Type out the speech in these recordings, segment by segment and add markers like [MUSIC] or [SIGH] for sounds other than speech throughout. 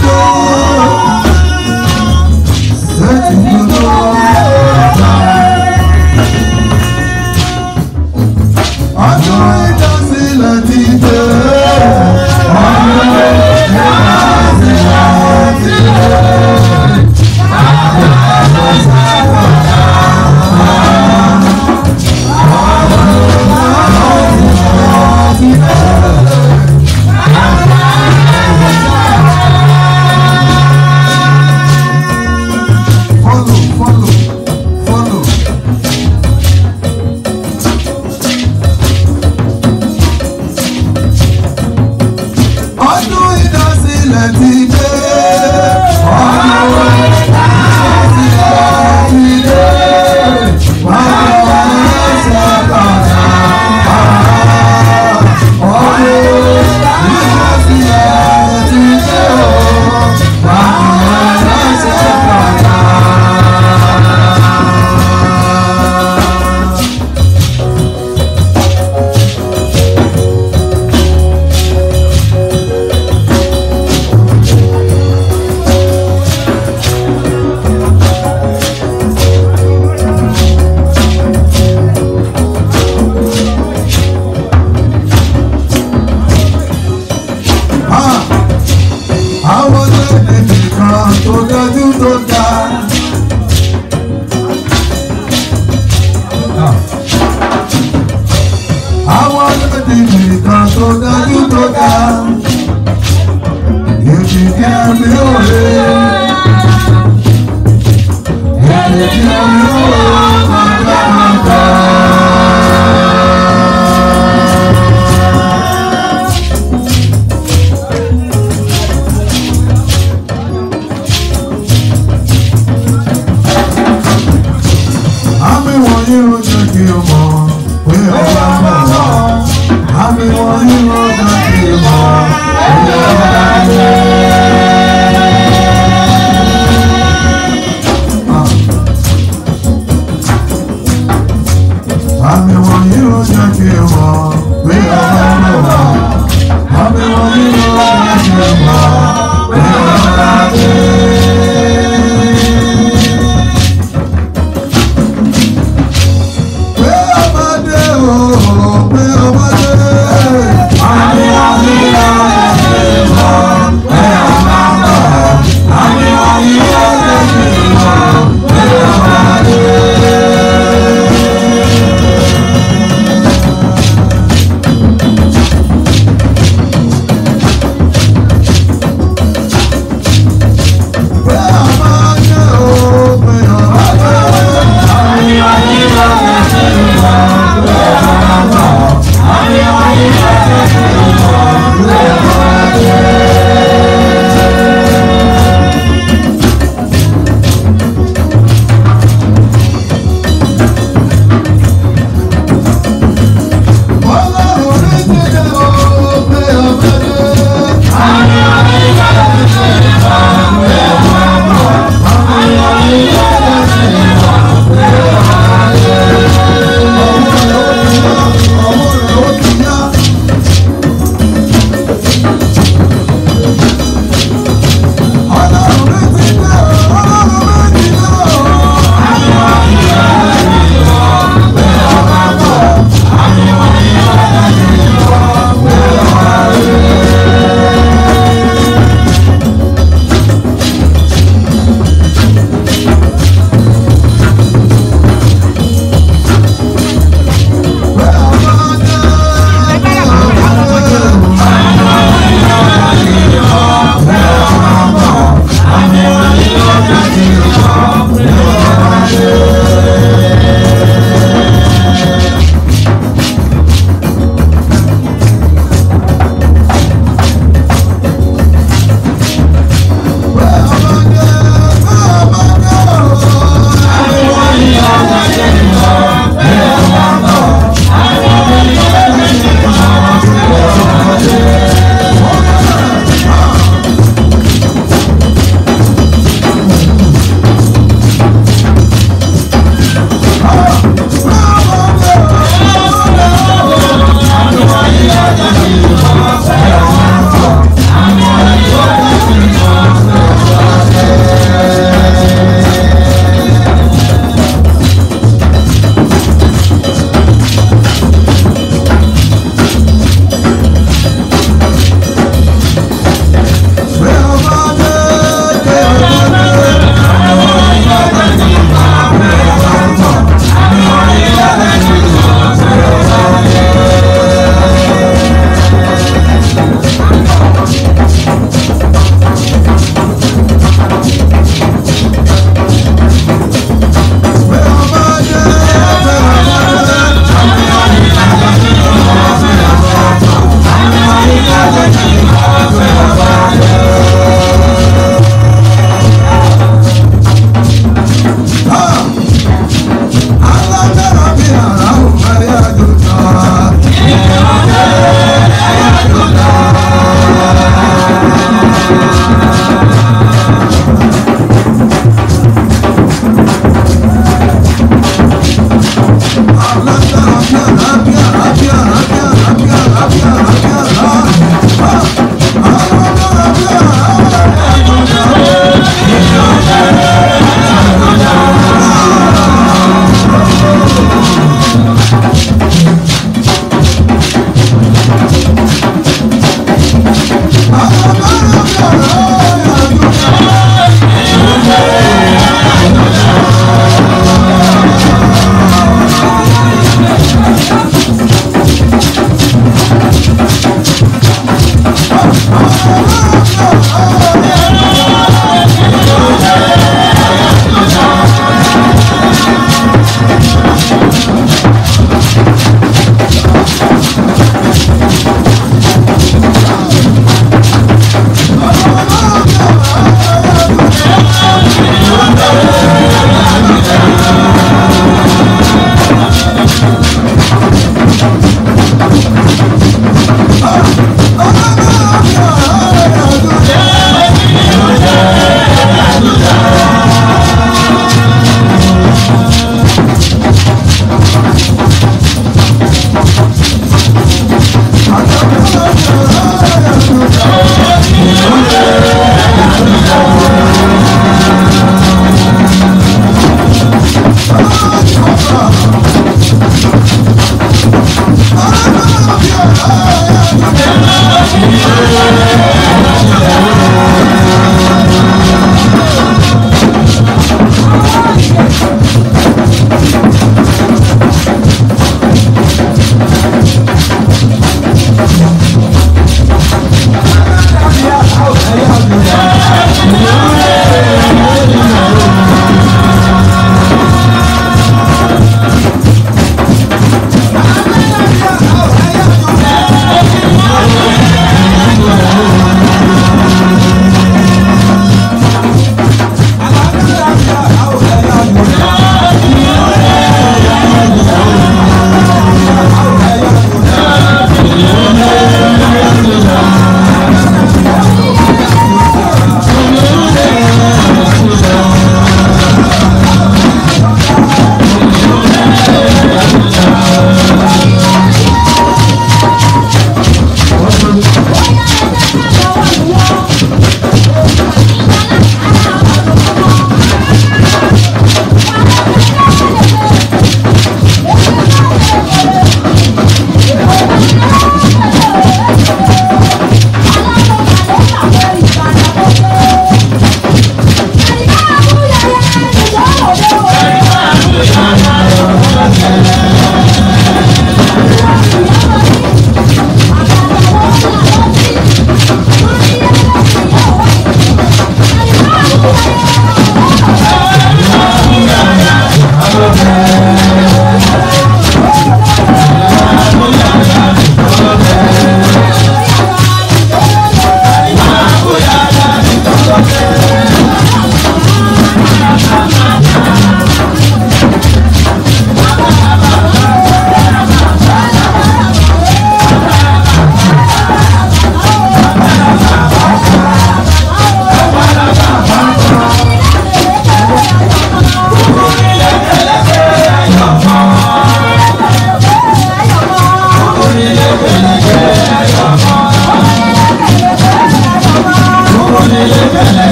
flow.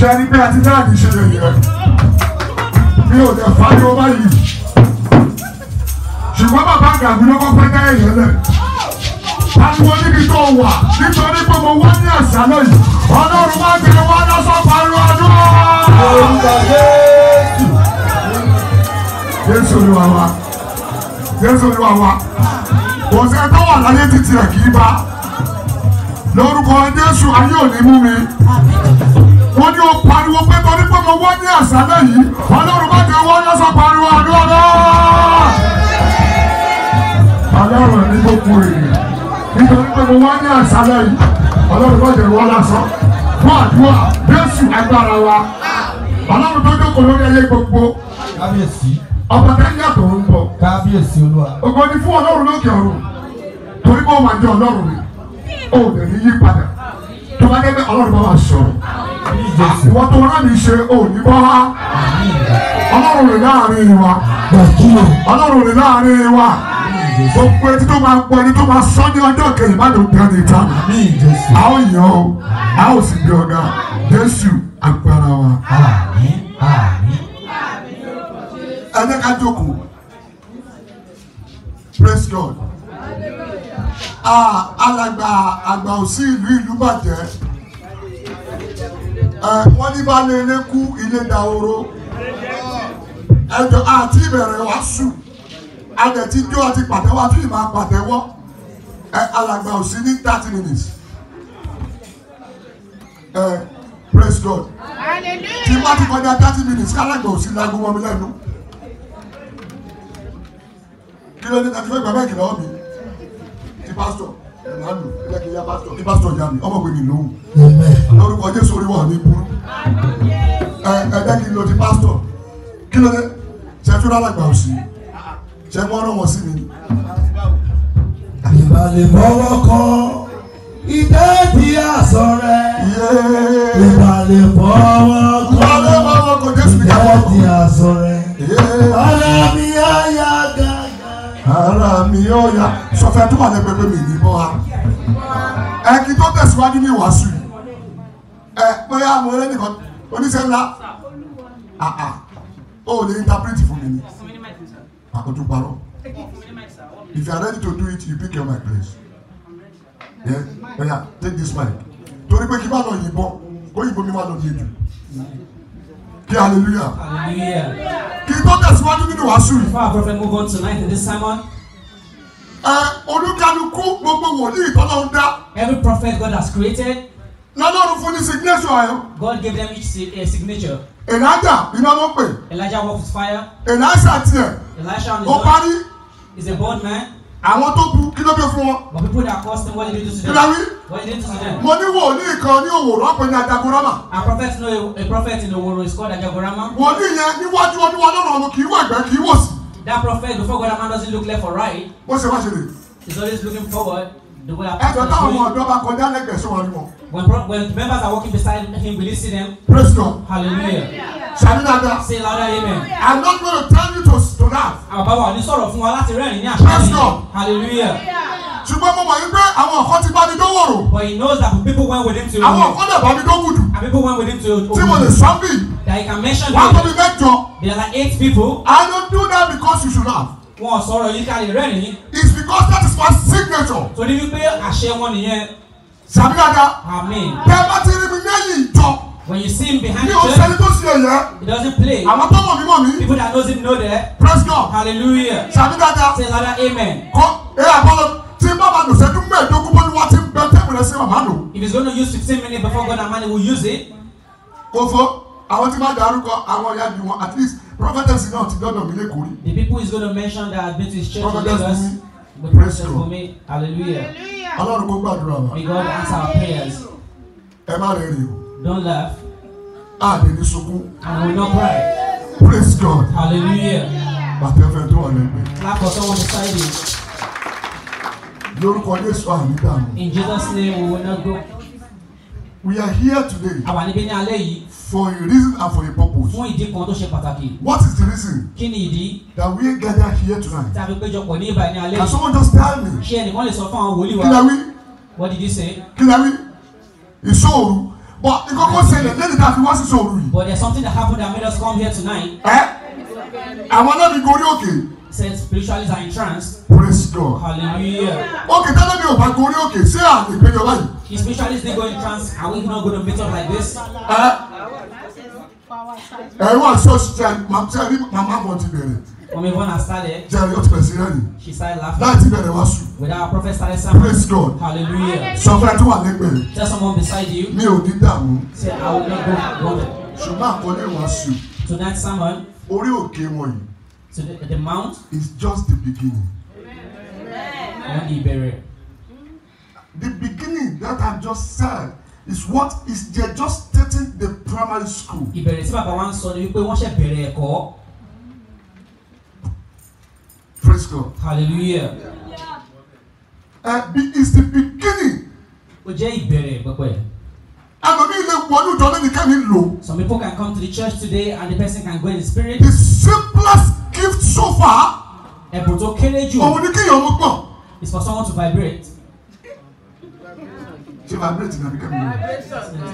ṣe ẹni pé àti náà ní ṣe yẹyẹ mi ò dẹ̀ fariwo báyìí ṣùgbọ́n bàbá gàdú ló kọ́kọ́ dá èèyàn lẹ̀ pariwo níbi tó wà nítorí pé mo wá ní àṣálẹ́ yìí ọlọ́run wá gbé wá lọ́sọ̀ pariwo àdúrà. Jésù ni wà wá Jésù ni wà wá kò sẹ́ tó wà láyé títí ẹ̀ kì í bá lórúkọ Jésù ayé ò ní mú mi wọ́n ní o pariwo pé torí pé mo wọ́n ní àṣálẹ́ yìí ọlọ́run má jẹ́ wọ́n lọ́sọ̀ pariwo àdúrà náà. ọlọ́run ní gbogbo èèyàn nítorí pé mo wọ́n ní àṣálẹ́ yìí ọlọ́run má jẹ́ wọ́n lọ́sọ̀ fún àdúrà jésù agbára wa ọlọ́run tó jókòó lórí ẹyẹ gbogbo. kábíyèsí. ọba tẹ́lẹ̀ àtọ̀ ń bọ̀. kábíyèsí olúwa. ògo fún ọlọ́run lókè ọ̀run torí pé ó jẹ́ ọlọ́run ìwọ́n tó rán mi ṣe òní bọ́ wá ọlọ́run rè láàrin wa ọlọ́run rè láàrin wa gbogbo etí tó máa gbọ́ ẹni tó máa sọ ní ọjọ́ kẹyìn má ló dán níta a ó yàn ó a ó sì gbé ọ̀gá Jésù agbára wa. ẹ jẹ́ ká jókòó praise God ah, alàgbà àgbà òsì ìlú ìlú bàjẹ́. Ah, wọ́n ní bá lè lé kú ilé dahoro ẹjọ́ àti ìbẹ̀rẹ̀ wá sù àdẹ̀tí jó àti pàtẹ́wọ́ àti ìmọ̀ àpàtẹ́wọ́ ẹ alàgbà ò sí ní thirty minutes ẹ praise God tí wọ́n ti kọjá thirty minutes kálàgbà ò sí lágbo wọn mi lẹ́nu kí ló dé tàbí fẹ́ gbàgbẹ́ ìkìlọ̀ mi ti pásítọ̀ lánàá ẹ jẹ́ kí yá pásítọ̀ kí pásítọ̀ yá mi ọmọ pé mi lóhùn lórúkọ Jésù orí wà ní burú ẹ jẹ́ kí n lo ti pásítọ̀ kí ló dé ṣe fi rárá gbà òsì ṣe mọ́ ọ̀rọ̀ wọn sí mi. ìbàlẹ̀ bọ́wọ́ kan ìdá ti àṣọ rẹ̀ ìbàlẹ̀ bọ́wọ́ kan ìdá ti àṣọ rẹ̀ ọ̀làmì àyà ara mi ó yá sọfẹ tó wà lẹgbẹgbẹ mi ní bọ́ wa ẹ kí tó tẹ̀síwájú ní ìwàásù yìí ẹ bóyá mo lé nìkan oníṣẹ́ ńlá àà ó lè interprete fún mi ni àkótó parọ́ if you are ready to do it you pick your mic please yeah, yeah take this mic torí pé kí n bá lọ yìnbọn kó yìnbọn mi má lọ yé jù. Say hallelujah. Hallelujah. Kì í tó tẹ̀síwájú nínú wàásù yìí. Before our prophet move on tonight in this sermon. Ẹ olúkálukú gbogbo wòlíì tọ́lá ń dá. Every prophet God has created. Lọ́lọ́run fún ní signature ẹ̀. God gave them each a signature. Elijah iná ló pè. Elijah walked fire. Elijah. tiẹ̀. Elisha on his own. Ó parí. He is a bold man àwọn tó bu kí ló dé fún wọn. but people that cause them what they do to them. kíláwí. what they do to them. mo ní wòlíì kan ní òwòrò ọ̀pẹ ní Ajagorama. a prophet no a, a prophet in òwòrò is called Ajagorama. wòlíì yẹn níwájú ọdún wọn lọ́nà ọ̀run kì í wọ ẹ̀gbẹ́ kì í wò sí. that prophet before God man doesn't look left or right. ó ṣe wá ṣe lè. he is always looking forward the way apart from him. ẹ̀jọ̀ táwọn ọ̀dọ́ bá kọjá lẹ́gbẹ̀ẹ́ sọ wọn ni wọn. when when members are walking beside him we he see them. praise God. hallelujah. hallelujah. Ṣàní dada. Say louder amen. I'm not going to tell you to, to laugh. Àbá wa ní sọ̀rọ̀ fún wa láti rẹ́rìn ní àṣà mi. God. Hallelujah. Ṣùgbọ́n mo mọ̀ yín pé àwọn ọ̀kan ti bá mi dán wòrò. But he knows that people went with him to. Àwọn ọ̀kan dẹ̀ bá mi dán gùdù. And people went with him to. Tí mo lè sábì. That he can mention. Wọ́n á tóbi mẹ́jọ. There are eight people. I don't do that because you should laugh wọn sọ̀rọ̀ yìí ká lè rẹ́rìn it's because that is my signature. torí wípé àṣẹ wọn nìyẹn. sàmì dada. àmín. bẹ́ẹ̀ bá ti rí mi lẹ́yìn ìjọ when you see him behind the church. mi he doesn't play. àwọn tó mọ̀ mí mọ̀ people that knows him know that. praise God. hallelujah. sàbí dáadáa. say louder amen. if he's going to use 15 minutes before God and man he will use it. kò fọ́ àwọn tí máa dárúkọ àwọn ìyá bí wọn at least prophetess náà ti dọ́dọ̀ mi the people he going to mention that have been to his church in Lagos the prophetess for me hallelujah. ọlọ́run kó gbàdúrà wa. may God answer our prayers. ẹ má rẹ̀ Don't laugh. Àdèmí ah, sunkún. I will not cry. Praise God. Hallelujah. But Bàtẹ́ fẹ́ tó wà lẹ́gbẹ̀ẹ́. Lákọ̀tọ́ wọn ṣáà yìí. Lórúkọ Jésù àmì dànù. In Jesus' name we will not go. We are here today. For a reason and for a purpose. What is the reason? That we gather here tonight. Can someone just tell me? Ṣé ẹnìkan lè sọ fún àwọn wòlíì wa? What did you say? Kí It's so Ìṣòro but the kó ṣẹlẹ̀ lẹ́nu tá a fi wá sí sòrò yìí. but there is something that happened that made us come here tonight. ẹ àwọn náà ní gorí òkè. said spiritualists are in trance. praise God. hallelujah. òkè tẹ́lẹ̀ mi ò bá gorí òkè ṣé àlè péjọ báyìí. if spiritualists dey go in trance are we not gonna meet up like this. ẹ ẹ wá ṣọ́ọ̀ṣì tí a máa ń tẹ́lẹ̀ màmá bọ̀ ti bẹ̀rẹ̀. When we went and started, Jerry got president. She started laughing. Láti bẹ̀rẹ̀ wá sùn. With our prophet started saying, Praise God. Hallelujah. Sọ fẹ́ tó wà lẹ́gbẹ̀ẹ́. Tell someone beside you. Mi ò ní dààmú. Say, I will not go wrong. Ṣùgbọ́n àkọlé wá sùn. Tonight sermon. Orí òkè wọ̀nyí. So the, the mount. Is just the beginning. Amen. ní ìbẹ̀rẹ̀. The beginning that I just said is what is they're just starting the primary school. Ìbẹ̀rẹ̀ tí bàbá wa ń sọ ni wípé wọ́n ṣẹ̀ bẹ̀rẹ̀ ẹ̀kọ́. Praise God. Hallelujah. Yeah. Uh, it's the beginning. Ó jẹ́ ìbẹ̀rẹ̀ pẹ́pẹ́. Àmọ̀mí ilé wọnú ìjọ lẹ́nu ká mi lò. Some people can come to the church today and the person can go in the spirit. The simplest gift so far. Ẹ̀bùn tó kéré jù. Òun ni kéèyàn ọmọ gbọ̀n. It's for someone to vibrate. Ṣé vibrate ni àbíkẹ́ mi lò?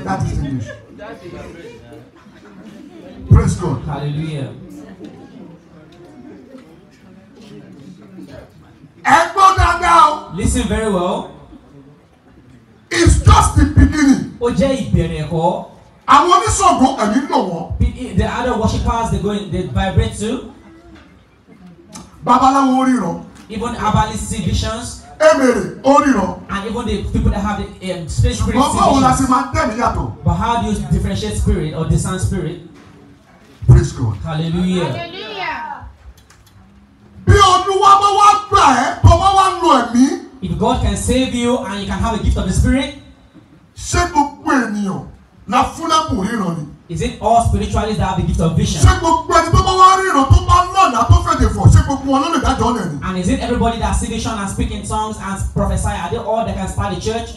That is English. Praise God. Hallelujah. ẹ gbọ́ dáadáa o. listen very well. it's just the beginning. ó jẹ́ ìbẹ̀rẹ̀ ẹ̀kọ́. àwọn oníṣègùn ẹ̀mí lò wọ́n. the other worshippers they go in, they vibrate too. babaláwo ríran. even Abali see visions. emèrè oríran. and even the people that have the um, spirit spirit. ṣùgbọ́n báwo la ṣe máa ń tẹ̀lé yàtọ̀. but how do you differentiate spirit or discern spirit? praise God. hallelujah. hallelujah. Olúwa bá wá gbà ẹ́ bá wá lo ẹ̀mí. If God can save you and you can have a gift of the spirit. Ṣé gbogbo ènìyàn la fúnlẹ́bù ríran ni? Is it all spiritualists that have the gift of vision? Ṣé gbogbo ẹni tó bá wá ríran tó bá lọ́nà tó fèdè fọ̀ ṣé gbogbo wọn ló lè dájọ́ ọ̀nà ni? And is it everybody that see vision and speak in tongues and prophesy are they all that can start the church?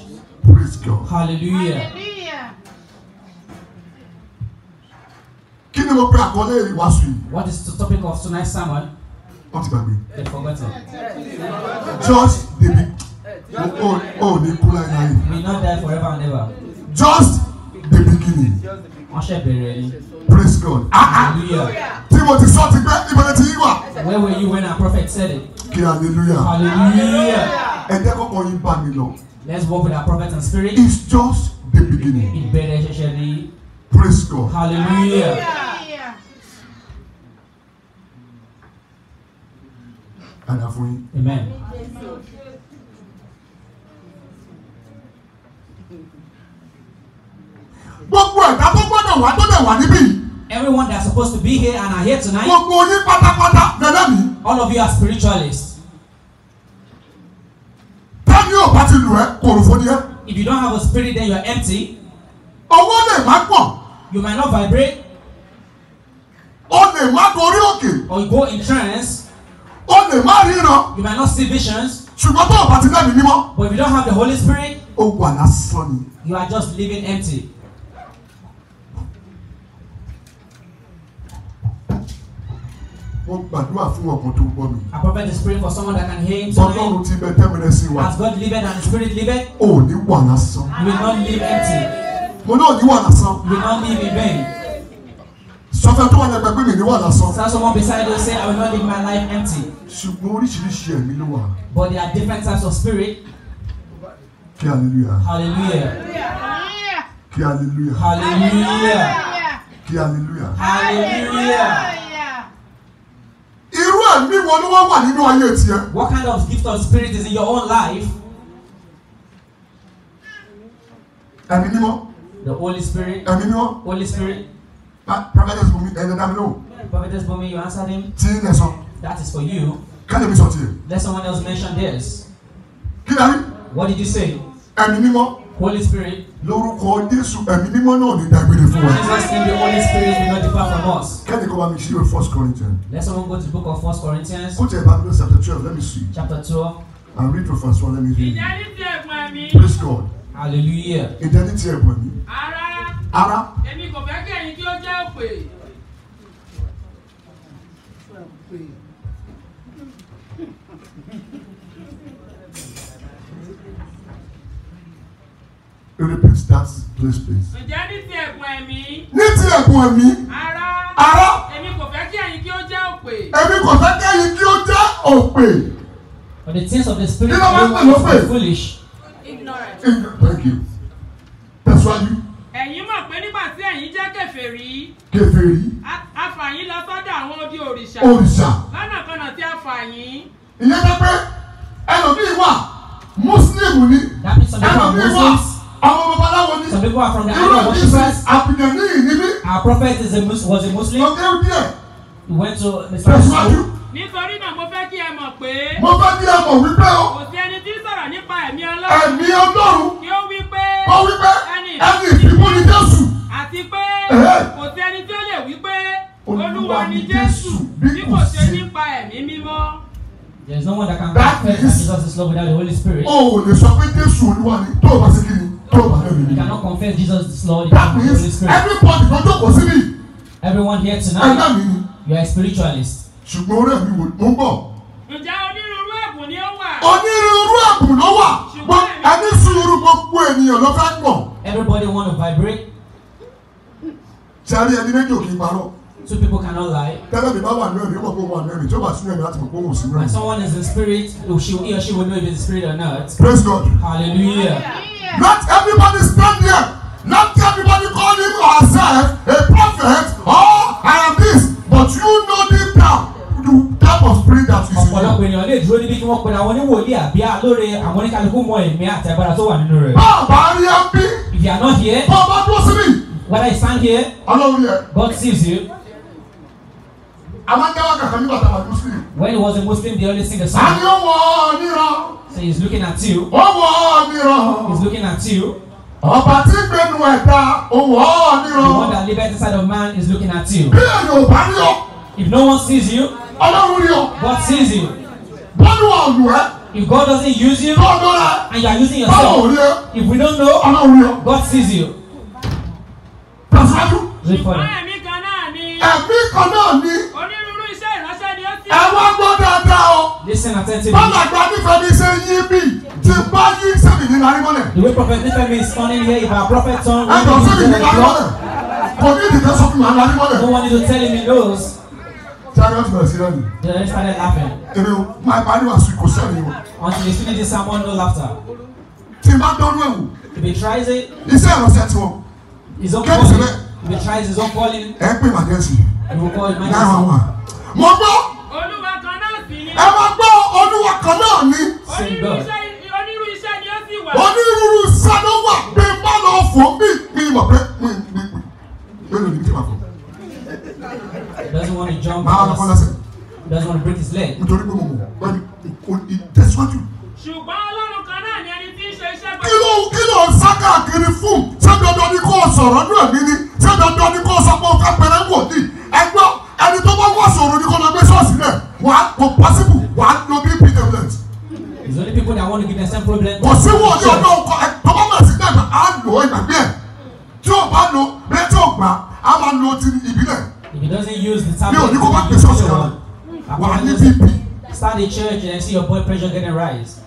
Praise God. Hallelujah. Hallelujah. Kí ni mo pe àkọlé ìwàásù yìí? What is the topic of tonight's sermon? wọ́n ti gbàgbé. just dey be o o ní kú láyé láyé. we no die forever and ever. just the beginning. wọ́n ṣe bẹ̀rẹ̀ ni. praise God. Ah, ah. hallelujah. timothy sọ ti gbẹ ìbẹ̀rẹ̀ ti yí wa. where were you when our prophet said it. kí hallelujah. hallelujah. ẹ jẹ́ kọ́kọ́ yín bá mi lọ. let's work with our prophet and spirit. it's just the beginning. ìbẹ̀rẹ̀ ṣẹ̀ṣẹ̀ ni. praise God. hallelujah. hallelujah. padà fún yín. Amen. everyone that's supposed to be here and are here tonight. all of you are spiritualists. if you don't have a spirit then you are empty. you might not vibrate. or you go in trance ó lè má ríran. you might not see visions. ṣùgbọ́n tó o bá ti lẹ́mìí mímọ́. but if you don't have the holy spirit. ó wà lásán ni. you are just living empty. wọ́n gbàdúrà fún ọkàn tó gbọ́ mi. I prophet the spirit for someone that can hear him tonight. Ọlọ́run ti bẹ tẹ́mìrẹ́ sí wa. As God liveth and the spirit liveth. ò ní wà lásán. You will not live empty. Mo náà ní wà lásán. You will not live in vain sọfẹ tó wọn ẹgbẹgbẹ mi ni wà lásán. so someone beside you say I will not live my life empty. ṣùgbọ́n oríṣiríṣi ẹ̀mí ló wà. but there are different types of spirit. kí hallelujah. hallelujah. kí hallelujah. hallelujah. kí hallelujah. hallelujah. irú ẹ̀mí wo ni wọ́n wà nínú ayé tiẹ̀. what kind of gift of spirit is in your own life? ẹ̀mí mímọ́. the holy spirit. ẹ̀mí mímọ́. holy spirit prophetess bumi ẹ̀yẹ dami o. prophetess bumi you answered him. ti n lẹsọ. that is for you. kálí mi sọ tiẹ. let someone else mention this. what did you say. ẹ̀mí holy spirit. lórúkọ jésù ẹ̀mí náà ní dágbére fún wa. jesus name the holy spirit will not depart from us. kẹ́ni kọ́ bá mi ṣí o first corinthians. let someone go to the book of first corinthians. kó bàbá chapter twelve let me see. chapter twelve. and read the first one let me read. ìjẹ́ni ti ẹ̀gbọ́n mi. praise God. hallelujah. ìjẹ́ni ti ẹ̀gbọ́n mi. ara. ara. èmi kò fẹ́ kẹ́ pé repeat that please please. ǹjẹ́ ní ti ẹ̀bùn ẹ̀mí. ní ti ẹ̀bùn ẹ̀mí. ara ara. èmi kò fẹ́ kí ẹ̀yin kí ó jẹ́ òpè. èmi kò fẹ́ kí ẹ̀yin kí ó jẹ́ òpè. but the things of the spirit are not foolish. ignorant. thank you that's why you kèfèrí. kèfèrí. àfààyàn lọ sọ́dọ̀ àwọn odi òrìṣà. òrìṣà. lọ́nàkọnà tí àfààyàn. ìyẹn tó pé ẹlòmíì wà mùsùlùmù ni ẹlòmíì wà àwọn babaláwo ni irú ìṣe àpìyàn ní ìníbí. our prophet is a mus was a muslim. ọ̀gá ẹbí ẹ̀. he went to mr. tẹ̀síwájú. nítorí náà mo fẹ́ kí ẹ mọ̀ pé. mo fẹ́ kí ẹ mọ̀ wípé o. kò sí ẹni tí ń sọ̀rọ̀ nípa ẹ̀mí ọlọ́run. ẹ̀mí ọlọ́run. kí ó wí pé. ó wí pé ẹni ìfimúni Jésù àti pé kò sí ẹni tí ó lè wí pé olúwa ni jésù bí kò ṣe nípa ẹ̀mí mímọ́. There is no one that can confess that Jesus is Lord without the Holy Spirit. Ó lè sọ pé Jésù Olúwa ni tó o bá ṣe kí ni tó o bá ṣe kí ni. You cannot confess Jesus is Lord without the Holy Spirit. That means everybody tó jókòó sí mi. Everyone here tonight, you are a spiritualist. Ṣùgbọ́n orí ẹ̀mí wò ló ń bọ̀. Ǹjẹ́ onírúurú ẹ̀bùn ni ó wà? Onírúurú ẹ̀bùn ló wà. Ẹni sùúrù gbogbo ènìyàn ló fẹ́ pọ̀. Everybody wanna vibrate sáré ẹni méjì ò kí Two people cannot lie. Tẹ́lẹ̀ mi bá wà nínú ẹ̀mí, ó mọ̀ pé ó wà nínú ẹ̀mí, tí ó bá sínú ẹ̀mí láti mọ̀ pé ó wò sínú ẹ̀mí. When someone is in spirit, he or she will know if it's spirit or not. Praise God. Hallelujah. Not everybody stand there. Not everybody call him or herself a prophet or I am this, but you know deep down the type of spirit that is in you. Ọ̀pọ̀lọpọ̀ ènìyàn lè dúró níbi kí wọ́n pe àwọn oníwòlíì àbí alóore àwọn oníkálukú mọ ẹ̀mí àtẹ̀gbára tó wà nínú rẹ̀. Bá a bá rí ẹ bí. If you are not here. Bá a bá dúró sí When I stand here, Ọlọ́run God sees you. When he was a Muslim, they only sing the song. So he's looking at you. He's looking at you. Ọba tí gbẹnu ẹ̀dá òwò níran. The one that lives inside of man is looking at you. Bí ẹ̀yìn ò bá rí ọ. If no one sees you. Ọlọ́run rí God sees you. Bọ́lú ọ̀lù ẹ̀. If God doesn't use you. Bọ́lú rẹ̀. And you are using yourself. Báwo rí ẹ. If we don't know. Ọlọ́run rí God sees you pàṣẹlú. ẹ̀mí kan náà ni. ẹ̀mí kan náà ni. onírúurú iṣẹ́ ìránṣẹ́ ni ó ti. ẹ gbọ́ dáadáa o. bọ́lá gba nífẹ̀ẹ́ mi ṣe yí bí ti bá yí sẹ́mi ní larí mọ́lẹ̀. ìwé prophet nífẹ̀ẹ́ mi is turning here if our prophet turn. sẹ́mi ní larí mọ́lẹ̀. kò ní ìdíkẹ́ sọ fún mi larí mọ́lẹ̀. no one need to tell him he knows. Charlotte was serious. They started laughing. Èrè o, my body was sick, kò sẹ́ni o. Until they finished this sermon, no laughter. Tí n bá dọ́rú ẹ̀wò. If he tries it. Iṣẹ́ ìrọ̀sẹ̀ his own calling if calling. ẹ pè màdé sí i náà wà wà. mo gbọ́ olúwa kan náà sì ni. ẹ máa gbọ́ olúwa kan náà ni. onírú iṣẹ́ ni ó sì wà. onírúurú iṣẹ́ ló wà bí má lọ fò mí mi mọ̀ pé mi mi mi lónìí mi ti máa fò. he doesn't want to jump. lọ fọlọ́sẹ̀. he doesn't want to break his leg. nítorí pé mo mọ̀ pé ìtẹ̀síwájú. ṣùgbọ́n ohun kí ló ń sá fún ṣé dandan ni kò sọ̀rọ̀ ní ẹ̀mí ni ṣé dandan ni kò sọ pé o fẹ́ pẹ̀rẹ́ wò ní ẹgbẹ́ ẹni tó bá wọ̀ sọ̀rọ̀ ni kò lọ gbé ṣọ́ọ̀ṣì náà wà á kò pọ́sibù wà á lo bí bí tablet. it's only people that want to give themselves problem. kò sí wọ́n ní ọjọ́ ọkọ ẹ tọ́gbọ́n máa sí náà á lò ó ìgbàgbé ẹ̀ tí o bá lo bẹ́ẹ̀ tí o gbà á máa lo ti ìbílẹ̀. if he doesn't use the tablet. ní kó start a church and see your blood pressure getting rise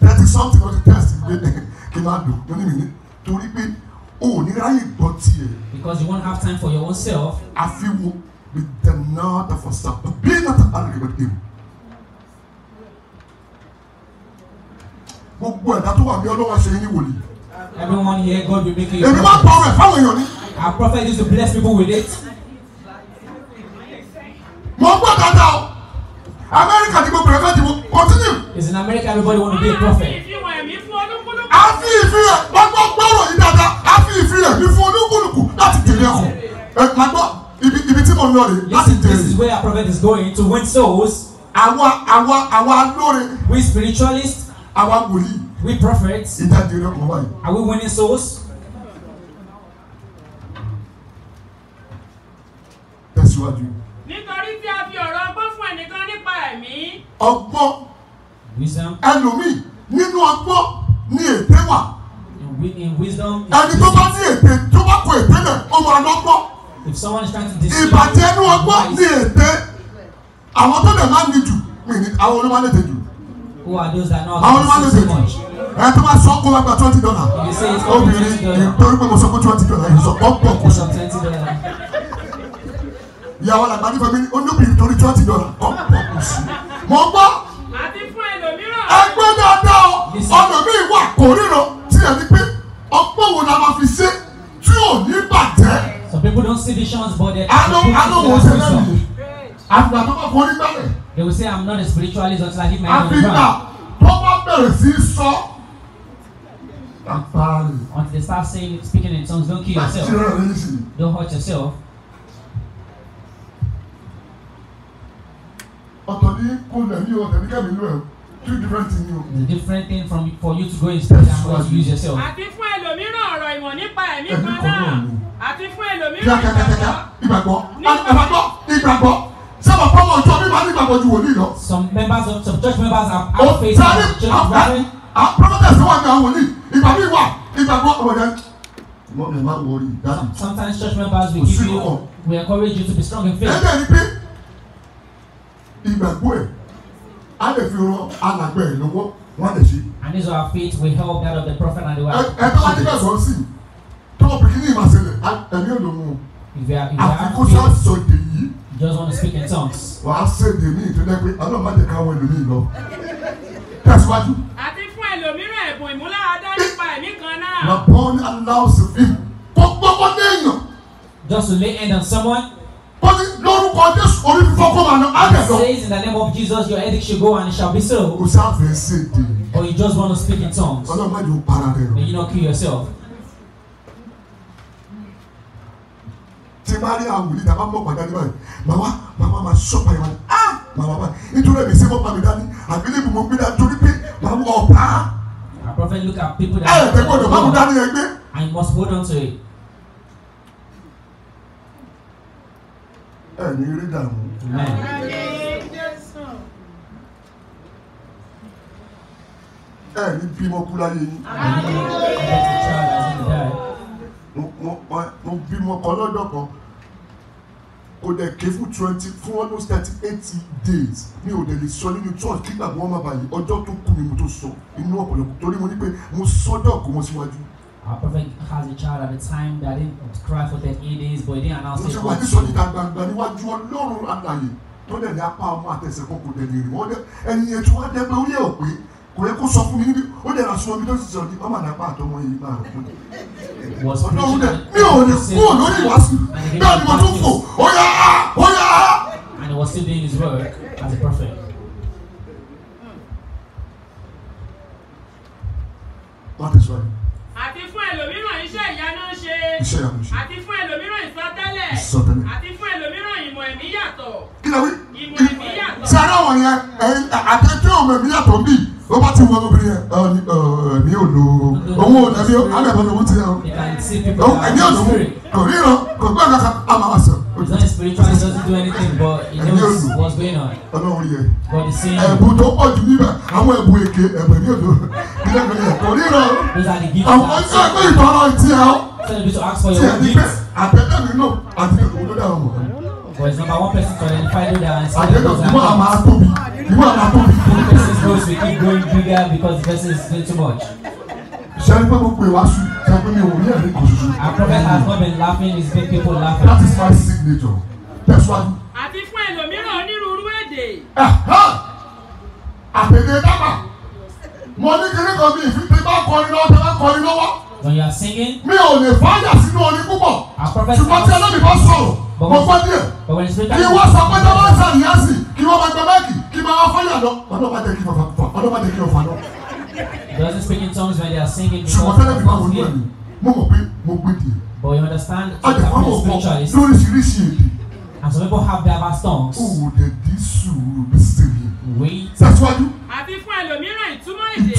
thirty something ọtí test gbé kí n máa dùn lónìí mi ní torí pé o ò ní ráyè gbọ́ tiẹ̀. because you won't have time for your own self. àfi wo bí dènà tàfọ̀ sàpà bí nàta àlùkò bá dé mu. gbogbo ẹ̀dá tó wà ní ọlọ́wọ́ ṣe é ní everyone here God will make you. èmi máa tọrọ ẹ̀ fáwọn èèyàn ni. our prophet used to bless people with it. mo gbọ́ dáadáa o amẹ́ríkà ni mo bẹ̀rẹ̀ fẹ́ ti mo continue. Because in America, everybody want to be a prophet. a This is where our prophet is going to win souls. àwa àwa àwa lóore. we spiritualists. àwa we prophets. are we winning souls? tẹ̀síwájú. nítorí tí a fi ẹlòmíì nínú ọgbọ́n ní ète wà ẹni tó bá ní ète tó bá kó ète lẹ̀ ọmọ ọlọ́gbọ́n ìbàjẹ́ inú ọgbọ́n ní ète àwọn tó dẹ̀ máa ń ní jù àwọn olúwa lè tẹ̀ jù àwọn olúwa lè tẹ̀ jù ẹ tó bá sọ kó wá gba twenty dollar obìnrin torí pé mo sọ pé twenty dollar yìí sọ ọ̀pọ̀ kò sọ ìyàwó làgbà nípa mi ó ní obìnrin torí twenty dollar ọ̀pọ̀ kò sí mọ̀ gbọ́ ẹgbẹ́ dáadáa ọ̀nà mi wà kò ríran tí ẹni pé ọgbọ́n wo la máa fi ṣe tí ò ní bàjẹ́. Some people don't see visions but they. Àlọ́ àlọ́ wò ṣe lẹ́nu. Àgbà tó bá forí gbálẹ̀. They will say I'm not a spiritualist until I give my head on the ground. Àfihàn tó bá bẹ̀rẹ̀ sí sọ. Until they start saying speaking in tongues don't kill yourself. Don't hurt yourself. Ọ̀tọ̀ ní kò lẹ̀ ní ọ̀tẹ̀ ní kẹ́mi lú ẹ̀ two different things the different thing from for you to go and study and go to use yourself. àti fún ẹlòmíràn ọ̀rọ̀ ìmọ̀ nípa ẹ̀mí kan náà àti fún ẹlòmíràn ìgbàgbọ́. Ah, ìgbàgbọ́ ìgbàgbọ́ sábà fọwọ́ ọjọ́ nípa nígbàgbọ́ ju wòlíì lọ. some members of some church members are out facing the church gathering. Ah, ah, àwọn protestants wà ní àwọn wòlíì ìgbàgbọ́ ìwà ìgbàgbọ́ ọ̀rọ̀ yẹn. Sometimes church members will give you, we encourage you to be strong in faith a lè fi ran alàgbà ẹ̀ lọ́wọ́ wọ́n lè ṣe. and this our faith we help that of the prophet and the wife. ẹ bá adé bẹ́ẹ̀ sọ sí tó bìkínì ìmọ̀ sílẹ̀ ẹ̀mí ò lò mú un àfikún sọ́ọ̀sì òde yìí. just want to speak in tongues. wà á ṣèdè mí ìtúndẹ́ pé ọlọ́run má jẹ́ ká wọ ẹlòmíì lọ. tẹ̀síwájú. àti fún ẹlòmíràn ẹ̀bùn ìmúláradá nípa ẹ̀mí kan náà. na born allows him kó gbọ́gbọ́ dé èèyàn. just to lay hand on someone ó lórúkọ jésù orí fífọ́ kó máa lọ ágẹ̀dọ̀. says in the name of Jesus your headache should go and it shall be so. o ṣe àfẹ́ ṣe dé. or you just wanna speak in tongues. ọlọ́run má jẹ́ para rẹ o. may you not kill yourself. tí bá rí àwọn wòlíì tàbá mọ̀ pàdánù màmá màmá máa sọ́pà yẹn wá màmá báyìí nítorí ẹ̀mí sẹ́wọ́n pàmì dání àbílẹ̀ ìbùmọ̀ gbé dání torí pé màmú ọ̀pá. a prophet look at people that. ẹ ẹ tẹ́gbọ́dọ̀ màmú dání yẹn and you must hold on to it. ẹ̀ní rí dààmú. ẹ̀ní bímọ kú láyé yín. mo bímọ kan lọ́dọ̀ kan kò dẹ̀ ké fún twenty fún almost thirty eight days mi ò dẹ̀ lè sọ nínú church kí gbàgbọ́ wọn má bàyè ọjọ́ tó kù ni mo tó sọ inú ọ̀pọ̀lọpọ̀ torí mo ní pé mo sọ́dọ̀ kó wọn síwájú. Our prophet has a child at the time that didn't cry for 38 days, but he didn't announce it. Wọ́n ti sọ níta gbangba níwájú Ọlọ́run àlàyé tó dẹ̀ ní apá ọmọ àtẹ̀sẹ̀ kókò dẹ̀ lè rí wọ́n dẹ̀ ẹni yẹn ó yẹ ò kò yẹ kó sọ fún mi níbi ó dẹ̀ aṣọ omi tó ti sọ ní ọmọ àdàpá àtọmọ yìí máa rò fún mi. Ọlọ́run dẹ̀ mi ò lè kú lórí ìwàásù bẹ́ẹ̀ ni mo tún fò ó yá was still doing his work as a prophet. Wọ́n ti sọ àti fún ẹlòmíràn iṣẹ́ ìyanu ṣe iṣẹ́ ìyanu ṣe àti fún ẹlòmíràn ìsọtẹ́lẹ̀ ìsọtẹ́lẹ̀ àti fún ẹlòmíràn ìmọ̀ ẹ̀mí yàtọ̀. kí ló wí ìmọ̀ ẹ̀mí yàtọ̀. sara wọn yẹn àtẹ̀tẹ̀ ọmọ yàtọ̀ bíi wọ́n bá ti wọ obìnrin yẹn ní òdo òun ò dàbí alẹ́bọ̀ lòun ti yàn òun ẹ̀mí òdo mu kò ríran kò gbọ́ kankan a máa sọ. ẹ̀mí òdo ọlọ́run yẹ ẹ̀bùn tó pọ̀ jù níbẹ̀ àwọn ẹ̀bùn èké ẹ̀bùn ẹ̀mí òdo nílẹ̀ mi yẹ kò ríran àwọn ọjọ́ ẹgbẹ́ ìtọ́rọ ti yàn ti yàn ní bẹ́ẹ̀ àbẹ̀tẹ̀ mi náà àti òdo dáhùn mọ̀. àbẹ̀tẹ̀ mi náà máa tóbi. You are not confident. The person is going to keep going bigger because the person is doing too much. I pé mo prophet has not been laughing, he's made people laugh. That is my signature. Tẹ̀síwájú. Àti fún ẹlòmíràn onírúurú èdè. Àpèdè dábà. Mo ní kiri kan bí ìfipé bá kọrin lọ́wọ́ tẹ́lá kọrin lọ́wọ́. When you are singing. Mi ò lè fáyà sínú orin púpọ̀. Our prophet has. Ṣùgbọ́n tí ẹlẹ́mi bá sọ̀rọ̀, mo gbọ́ díẹ̀. But when he spoke He doesn't speak in tongues when they are singing because But you understand that spiritual is and some people have their tongues. Oh, Wait. That's why you. fún ẹlòmíràn ìtumọ̀ èdè.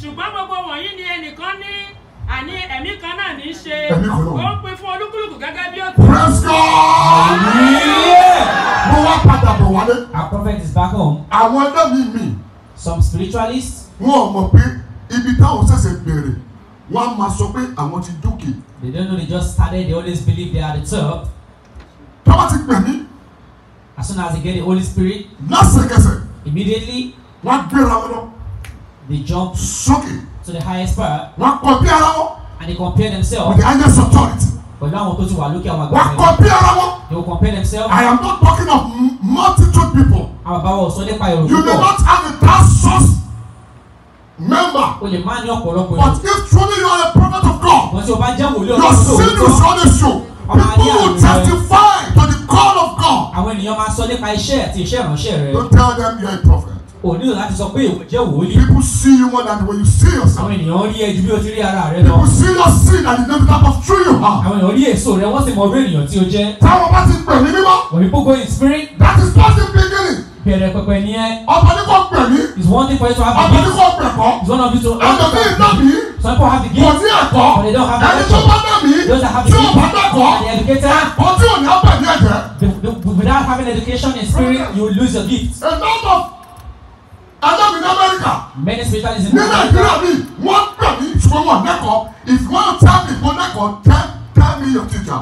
Ṣùgbọ́n gbogbo wọ̀nyí ni ẹnìkan ní àní ẹ̀mí kan náà ní í ṣe. Ó ń pín fún olúkúlùkù gẹ́gẹ́ bí ó ti wọ́n padà bọ̀ wálé. our prophet is back home. àwọn ẹgbẹ́ mi mi. some spiritualists. wọn ò mọ̀ pé ibi táwọn ṣẹ̀ṣẹ̀ bẹ̀rẹ̀ wọ́n á máa sọ pé àwọn ti dókè. they don't know they just started they always believe they are the top. tọ́wọ́ ti pè mí. as soon as they get the holy spirit. lásìkẹsẹ̀. immediately. wọ́n gbéra wọn lọ. they jump. sókè. to the highest part. wọ́n compare bí and they compare themselves. with the highest authority pẹ̀lú àwọn tó ti wà lókè àwọn àgbà. wọ́n compare ara wọn. they will compare themselves. I am not talking of multitude people. àwọn sọ nípa èrò púpọ̀. you may not have a thousands member. o lè máa ní ọ̀pọ̀lọpọ̀ èrò. but if truly you are a prophet of God. wọ́n ti o bá jẹ́ wòlíọ̀ lọ́sọ̀rọ̀ tó. your sin is on issue. people will testify to the call of God. àwọn ènìyàn máa sọ nípa iṣẹ́ àti iṣẹ́ ìránṣẹ́ rẹ. don't tell them you are a prophet o láti sọ pé ìwọ jẹ́ wòlíì. people see you more than when you see yourself. àwọn ènìyàn rí ẹjú bí o ti rí ara rẹ lọ. people see your sin and the type of tree you are. àwọn ènìyàn rí èso rẹ wọ́n sì mọ orí ènìyàn tí o jẹ́. táwọn bá ti pè mí mímọ́. wòlíì gbogbo in spirit. that is positive beginning. bẹ̀rẹ̀ pẹpẹ ni ẹ. ọ̀pọ̀ ní kò one thing for you to have a gift. ọ̀pọ̀ ní one of you to have a gift. ẹ̀dọ̀ mi some people have the gift. kò ní ẹ̀kọ́. don't have eh? the gift. ẹni tó without having education in spirit you lose your gift. a lot of ajá mi ní amẹ́ríkà. many spiritualists in Nigeria. ní nàìjíríà mi wọ́n gbà mí ṣùgbọ́n wọn nẹ́kọ̀ọ́ if tell me, ìbò nẹ́kọ̀ọ́ tell tell me your teacher.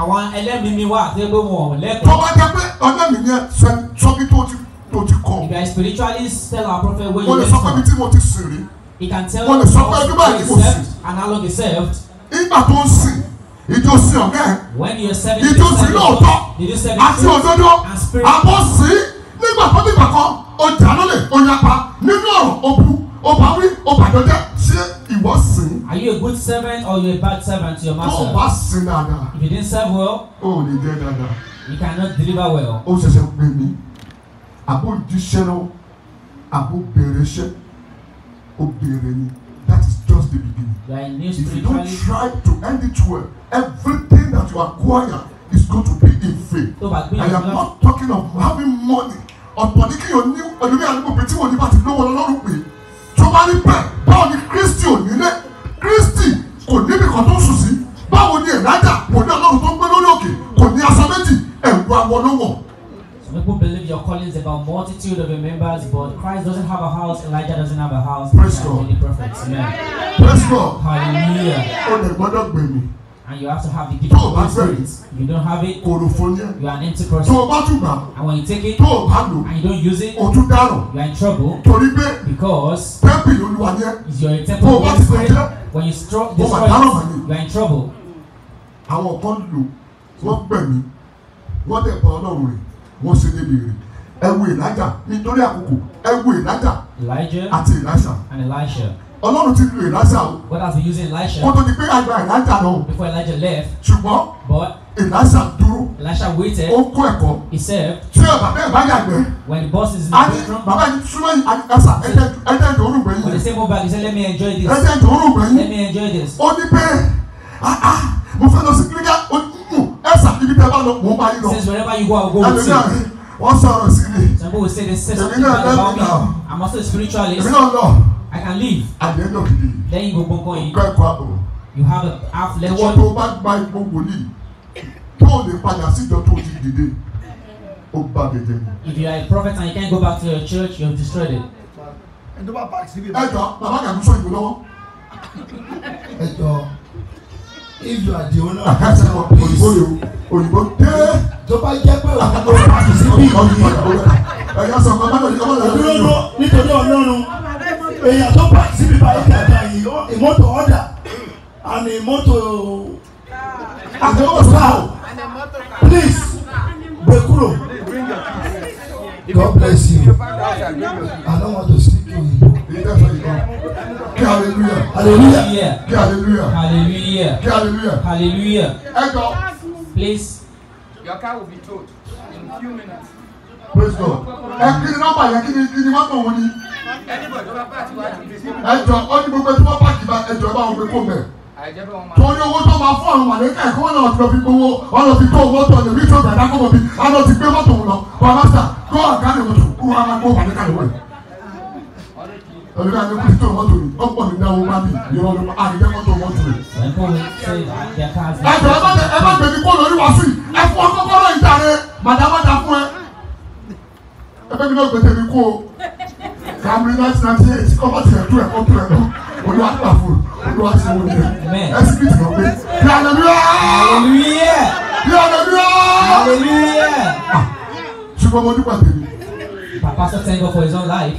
àwọn ẹlẹ́mìí mi wà àti ẹgbẹ́ wọn lẹ́kọ̀ọ́. tọ́wọ́ jẹ́ pé ọlẹ́mìí yẹn sọ bí tó ti tó ti kọ́. if you spiritualist tell our prophet where you dey from. mo lè sọ pé mi tí mo ti sìn rí. he can tell you how long he served and how long he served. ìgbà tó ń sìn ìjọ sí ọ̀gá ẹ̀. when you are serving the church. ìjọ sí lóòótọ́ àti òdodo àbọ̀ sí nígbà tó dìgbà kan o jà lólè o nínú ọ̀rọ̀ o bu wí o bàjọ́ ṣé ìwọ sìn. are you a good servant or you a bad servant to your master. tó o bá sin dáadáa. if you didn't serve well. o ò ní jẹ dáadáa. you cannot deliver well. o ṣẹ̀ṣẹ̀ pè mí àbò jíṣẹ́ náà àbò bẹ̀rẹ̀ iṣẹ́ o bẹ̀rẹ̀ ni that is just the beginning. if you don't try to end it well everything that you acquire is going to be in vain. I am not talking of having money ọ̀pọ̀ ní kí òní ẹlòmí àdúgbò tí òní bá ti lówó lọ́rùn pé tó bá rí bẹ́ẹ̀ báwo ni Kristi ò nílé Kristi kò níbi kan tó ń sùn sí báwo ni Èlíjà kò ní ọlọ́run tó ń gbé lórí òkè kò ní aṣọ méjì ẹ̀rù àwọn ló wọ̀. Some people believe your calling is about multitude of members, but Christ doesn't have a house, Elijah doesn't have a house. Praise God. prophets. Praise God. Hallelujah. Ó and you have to have the gift of the spirit you don't have it you are an empty person tó and when you take it and you don't use it you are in trouble because tẹ́pìlì your temple tó o when you stro destroy it you are in trouble. àwọn kan lò wọ́n gbẹ̀mí wọ́n dẹ̀ pa ọlọ́run rẹ̀ wọ́n ṣe débi rẹ̀ ẹ wo Elijah, nítorí àkókò ẹ wo ìlàjà àti ìlàṣà. Ọlọ́run ti lu Èlásà o. God has been using Elijah? Kó tó di pé àgbà Èlásà lọ. Before Elijah left. Ṣùgbọ́n. But. Elijah dúró. Elijah waited. Ó kó ẹ̀kọ́. He served. Tí ọ̀bà bẹ́ẹ̀ bá yàgbẹ́. When the boss is in the bedroom. Bàbá yìí súnmọ́ yìí Àdìgásà ẹ̀jẹ̀ ẹ̀jẹ̀ ìdòwúrò gbẹ̀yìn. When they say mobile he say let me enjoy this. Ẹ̀jẹ̀ ìdòwúrò gbẹ̀yìn. Let me enjoy this. Ó ní bẹ́ẹ̀ ah, ah, mo fẹ́ lọ sí kílíkà ẹ̀sà hmm, ibi tẹ́ bá lọ mò ń bá lọ. Since wherever you go I will go with you. Wọ́n sọ̀rọ̀ sí mi. Some people will say they say something I'm also a spiritualist. Èmi náà lọ. I can leave. At the end of the day. go gbogbo nǹkan yìí. Nǹkan ẹ̀kọ́ àbọ̀. You have a half left. Ìwọ tó bá gba ipò wòlíì tó lè padà síjọ tó ti dìde ó bá mi jẹ. If you are a prophet and you can't go back to your church, you have destroyed it. Ẹ jọ bàbá kàdún sọ ìwé lọ́wọ́. Ẹ jọ if you are the owner of the house òyìnbó yòó òyìnbó dé. tó bá jẹ́ pé òyìnbó bá ti sí bí. ẹ̀yà sọ̀kan bá lọ sí ọmọ rẹ̀. ìdúró nítorí Ọlọ́run èèyàn tó pàṣẹ síbi báyìí kàkà yìí ìmọ́tò ọ̀dà àmì ìmọ́tò àgbẹ̀wò sáà please gbé kúrò God bless you I don't want to speak to you. Hallelujah. Hallelujah. Hallelujah. Hallelujah. Hallelujah. Hallelujah. Echo. Please. Your car will be towed in a few minutes. Praise God. Ẹ kí ni nọ́mbà yẹn kí ni kí ẹjọ ọdún gbogbo tí wọn pàkì bá ẹjọ bá wọn gbé kó mẹ torí owó tó máa fún àwọn àlékà ẹ̀kọ́ wọn náà ti lọ fi gbowó wọn lọ fi tó owó tó lè rí tó gbàdá kó wọn bí wọn lọ ti gbé mọ́tò wọn lọ wọn bá sà kó àga lè mọ́tò kó wọn máa kó àlékà lè wọlé. Olùkọ́ àti kúrò tó mọ́tò yìí ó pọ̀ nínú àwọn máa bì yọ̀rọ̀ lọ́pọ̀ àdìjẹ́ mọ́tò mọ́tò yìí. Ẹ̀jọ̀ ẹ má gbèmí kó lórí wá sí ẹ fún ọkọ̀ kọ́rọ̀ ìjà rẹ̀ màdàmọ́dà fún ẹ. Ẹ kàmí láti hallelujah bí hallelujah ah, ṣùgbọ́n mo dúpọ̀ tèmi. Papa sọ thank God for his own life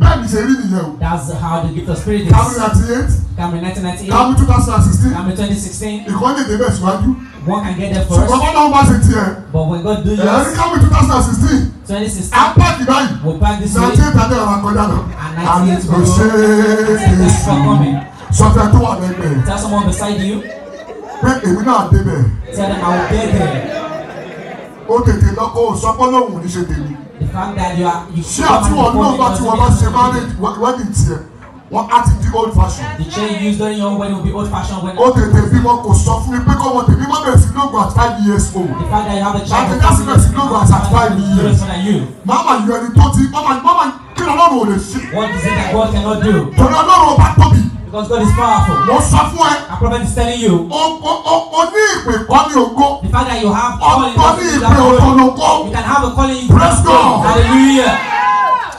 bẹ́ẹ̀ ṣe rí nìyẹn o. that's how the gift of spirit is. kàmú ninety eight. kàmú nineteen ninety eight. kàmú two thousand and sixteen. kàmú twenty sixteen. ìkọ́ni èdè bẹ́ẹ̀ síwájú. one can get there first. ṣùgbọ́n kọ́ńtà wọn bá ṣe tiẹ̀. but when God do yours. ẹ̀rí kàmú two thousand and sixteen. twenty sixteen. a pààkì báyìí. we pack this way. ninety eight àti ẹ̀rọ akọjá náà. and ninety eight go. ṣe é ṣe sọfẹ tó wà lẹ́gbẹ̀ẹ́. tell someone beside you. pé èmi náà débẹ̀. tell them I will get there. ó tètè lọ́kọ́ òsọ́pọ́ lóhùn ní ṣe tèmi the fact that you are you ṣé àti wọn náà bá ti wọn bá ṣe marriage wedding tiẹ̀ wọn á ti di old fashion. the you used during your wedding will be old fashion wedding. ó tètè bímọ kò sọ fún mi pé kọ́ wọn tèmi mọ́ bẹ̀rẹ̀ sí lóògùn at five years old. the fact that you have a child. àti káṣí bẹ̀rẹ̀ sí lóògùn at five years. mama yọ ẹni tó ti mama mama kí ni ọlọ́run ò lè ṣe. what is it that God cannot do. torí ọlọ́run ò bá tóbi because God is powerful. mo sọ fún ẹ. a prophet is telling you. o o o ní ìpè kọ́ ní ògo. the fact that you have a calling ọ̀pọ̀ ní ìpè òtòlógó. you can have a calling in praise God hallelujah.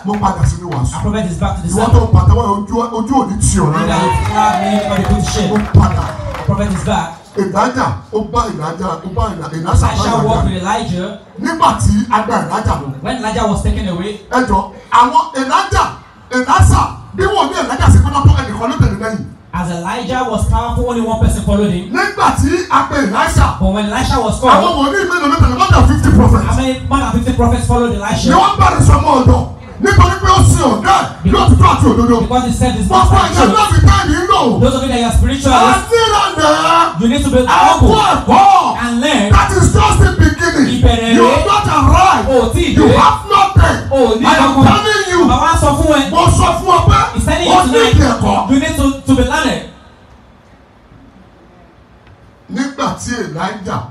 mo padà sí ní wàásù. a prophet is back to the sermon. ìwọ́n tó pàtàkì ojú ojú òní tì ọ̀rẹ́ rẹ. you can have me for the good shame. mo padà. a prophet is back ìdájà ó bá ìdájà ó bá ìdájà bá ìdájà nígbà tí a ìdájà lọ. when Elijah was taken away. ẹ jọ àwọn ìdájà ìdájà bí wọn ní ẹ̀lẹ́gà sí pátákó ẹnìkan ló tẹ̀lé lẹ́yìn. As Elijah was powerful, only one person followed him. Nígbà tí a pe Elisha. But when Elisha was called. Àwọn wọ̀nyí mélòó ló tẹ̀lé more than fifty prophets. How many more than fifty prophets followed Elisha? Ni wọ́n bá rẹ̀ sọ mọ́ ọ̀dọ́ nítorí pé ó sin ọ̀gá yóò ti tó àti òdodo. because he said his master. gbogbo ẹ̀jẹ̀ náà fi tẹ́ mi lò. those of you that are spiritualists. you need to be humble. ẹ̀kọ́ ẹ̀kọ́. and learn. that is just the beginning. ìbẹ̀rẹ̀ rẹ̀. you are not arrive. o ti dé. you have nothing. o ní ẹ̀kọ́. I am telling you. bàbá wa sọ fún ẹ. mo sọ fún ọ pé. he said it to me. you need to to be learned. nígbà tí elijah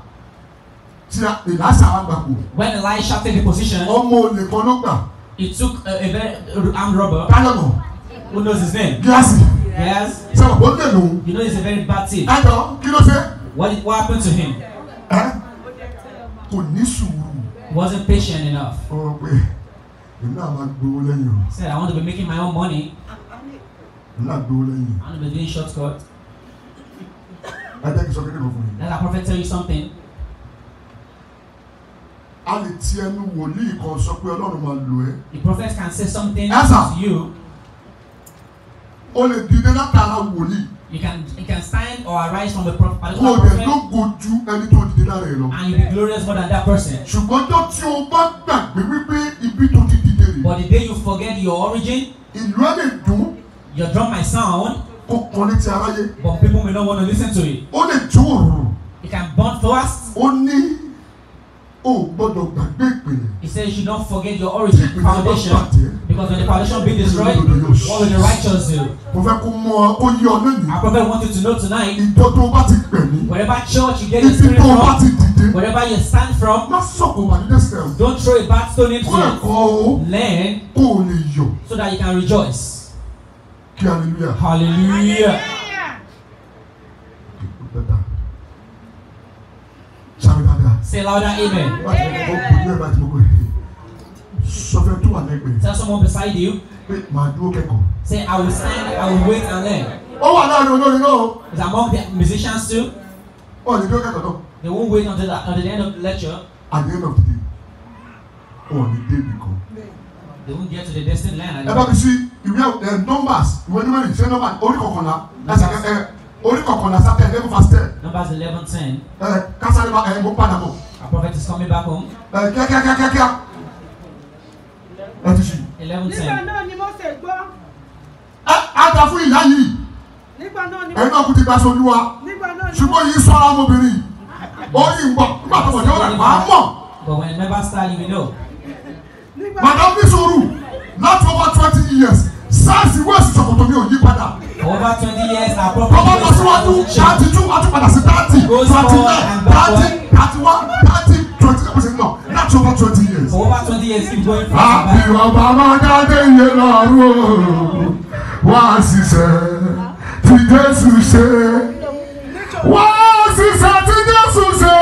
tí Elisha wá gbàgbọ́. when Elisha take the position. ọmọ olè kan ló gbà. He took a, a very armed robber. Palomo. Who knows his name? Glassy. Yes. Ṣé o gbọ́dọ̀ lò? You know he's a very bad thing. I know. ló ṣe? What what happened to him? Huh? He wasn't patient enough. Ọ̀rọ̀ pé èmi Said I want to be making my own money. Èmi náà I want to be doing shortcut. Ẹ jẹ́ kí n sọ kékeré kan fún Let our prophet tell you something a lè ti ẹnu wòlíì kan sọ pé ọlọ́run máa lò ẹ́. the prophet can say something Esa. to you. o lè dìde látara wòlíì. you can you can stand or arise from the prophet. o dẹ̀ ló gojú ẹni tó dìde lára ẹ lọ. and you be glorious more than that person. ṣùgbọ́n tó tí o bá gbàgbé wípé ibi tó ti dìde rè. but the day you forget your origin. ìlú ẹ̀ lè dùn. your drum my sound. kó kọrin ti aráyé. but people may not want wanna listen to it. ó lè jó òru. it can burn fast. ó ní o gbọ́dọ̀ gbàgbé ìpìlẹ̀. he says you don't forget your origin foundation because when the foundation be destroyed what will the righteous do. mo fẹ́ kó mọ kó yí ọ lónìí. I probably want you to know tonight. ìjọ bá ti pè wherever church you get your spirit from. ibi bá ti dìde. wherever you stand from. má sọ̀kò wà nílé sẹ́wọ̀n. don't throw a bad stone into it. kó ẹ̀kọ́ o. learn. kó o lè yọ. so that you can rejoice. kí hallelujah. hallelujah. hallelujah. Say louder, amen. amen. Sọfẹ́ tó wà lẹ́gbẹ̀ẹ́. Tell someone beside you. Pé màá dúró kẹ́kọ̀ọ́. Say I will stand, I will wait and learn. Ó wà láàrin olórin náà. Is among the musicians too. Wọ́n lè dúró kẹ́kọ̀ọ́ náà. They won't wait until the, until the end of the lecture. At the end of the day, Oh, the day will come. They won't get to the destined land. Ẹ bá mi sí ìwé numbers ìwé numbers ìṣe numbers orí kọ̀ọ̀kan la. Ẹ ṣàkẹ́ orí kọ̀kànlá sáté eleven verse ten. numbers eleven ten. ẹ kásáré bá ẹ mo padà bọ̀. a prophet is coming back home. ẹ kíákíákíákíá. ẹ ti sùn. eleven ten. nígbà náà ni Mósè gbọ́. ẹ ata fún ìyá yìí. nígbà náà ni. ẹ̀yin náà kú ti gba aṣọ olúwa. nígbà náà ni. ṣùgbọ́n yìí sọ́ra ọmọbìnrin. ó yí ń bọ̀ nígbà tó bọ̀ jẹ́ máa mọ̀. but when never start you know. madam bí sùúrù not over twenty years. SARS ìwé òṣìṣẹ́ kòtò mi ò yí padà. over twenty years na property. ọmọ lọ síwájú thirty two àti padà sí thirty twenty nine thirty thirty one thirty twenty kò sí nọ láti over twenty years. over twenty years keep going fast. àbí ọba máa dáadé iye lọ́rùn wá ṣiṣẹ́ tí Jésù ṣe wá ṣiṣẹ́ tí Jésù ṣe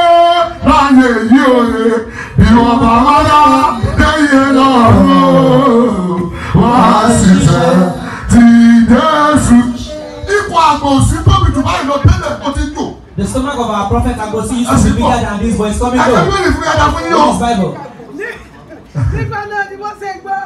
láyé yìí òye bí ọba máa dáadé iye lọ́rùn. àgbòsí tóbi jù báyìí lọ délẹ̀ ó ti jò. The stomach of our prophet Agosi used to be bigger than this but it's coming down. Ẹgbẹ́ mi lè fún yàrá fún yín o. Nígbà náà ni wọ́n ṣe gbọ́.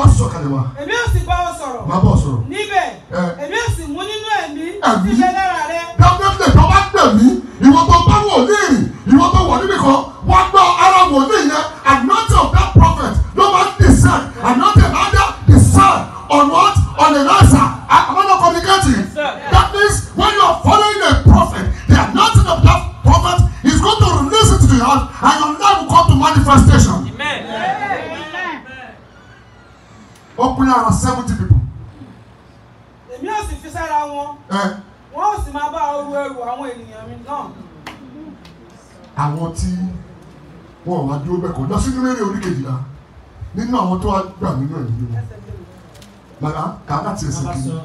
wá sọ kalẹ̀ wa. èmi ò sì bá ọ sọ̀rọ̀. màá bọ̀ sọ̀rọ̀. níbẹ̀ èmi ò sì mú nínú ẹ̀mí ti bẹ́ẹ̀ 啊。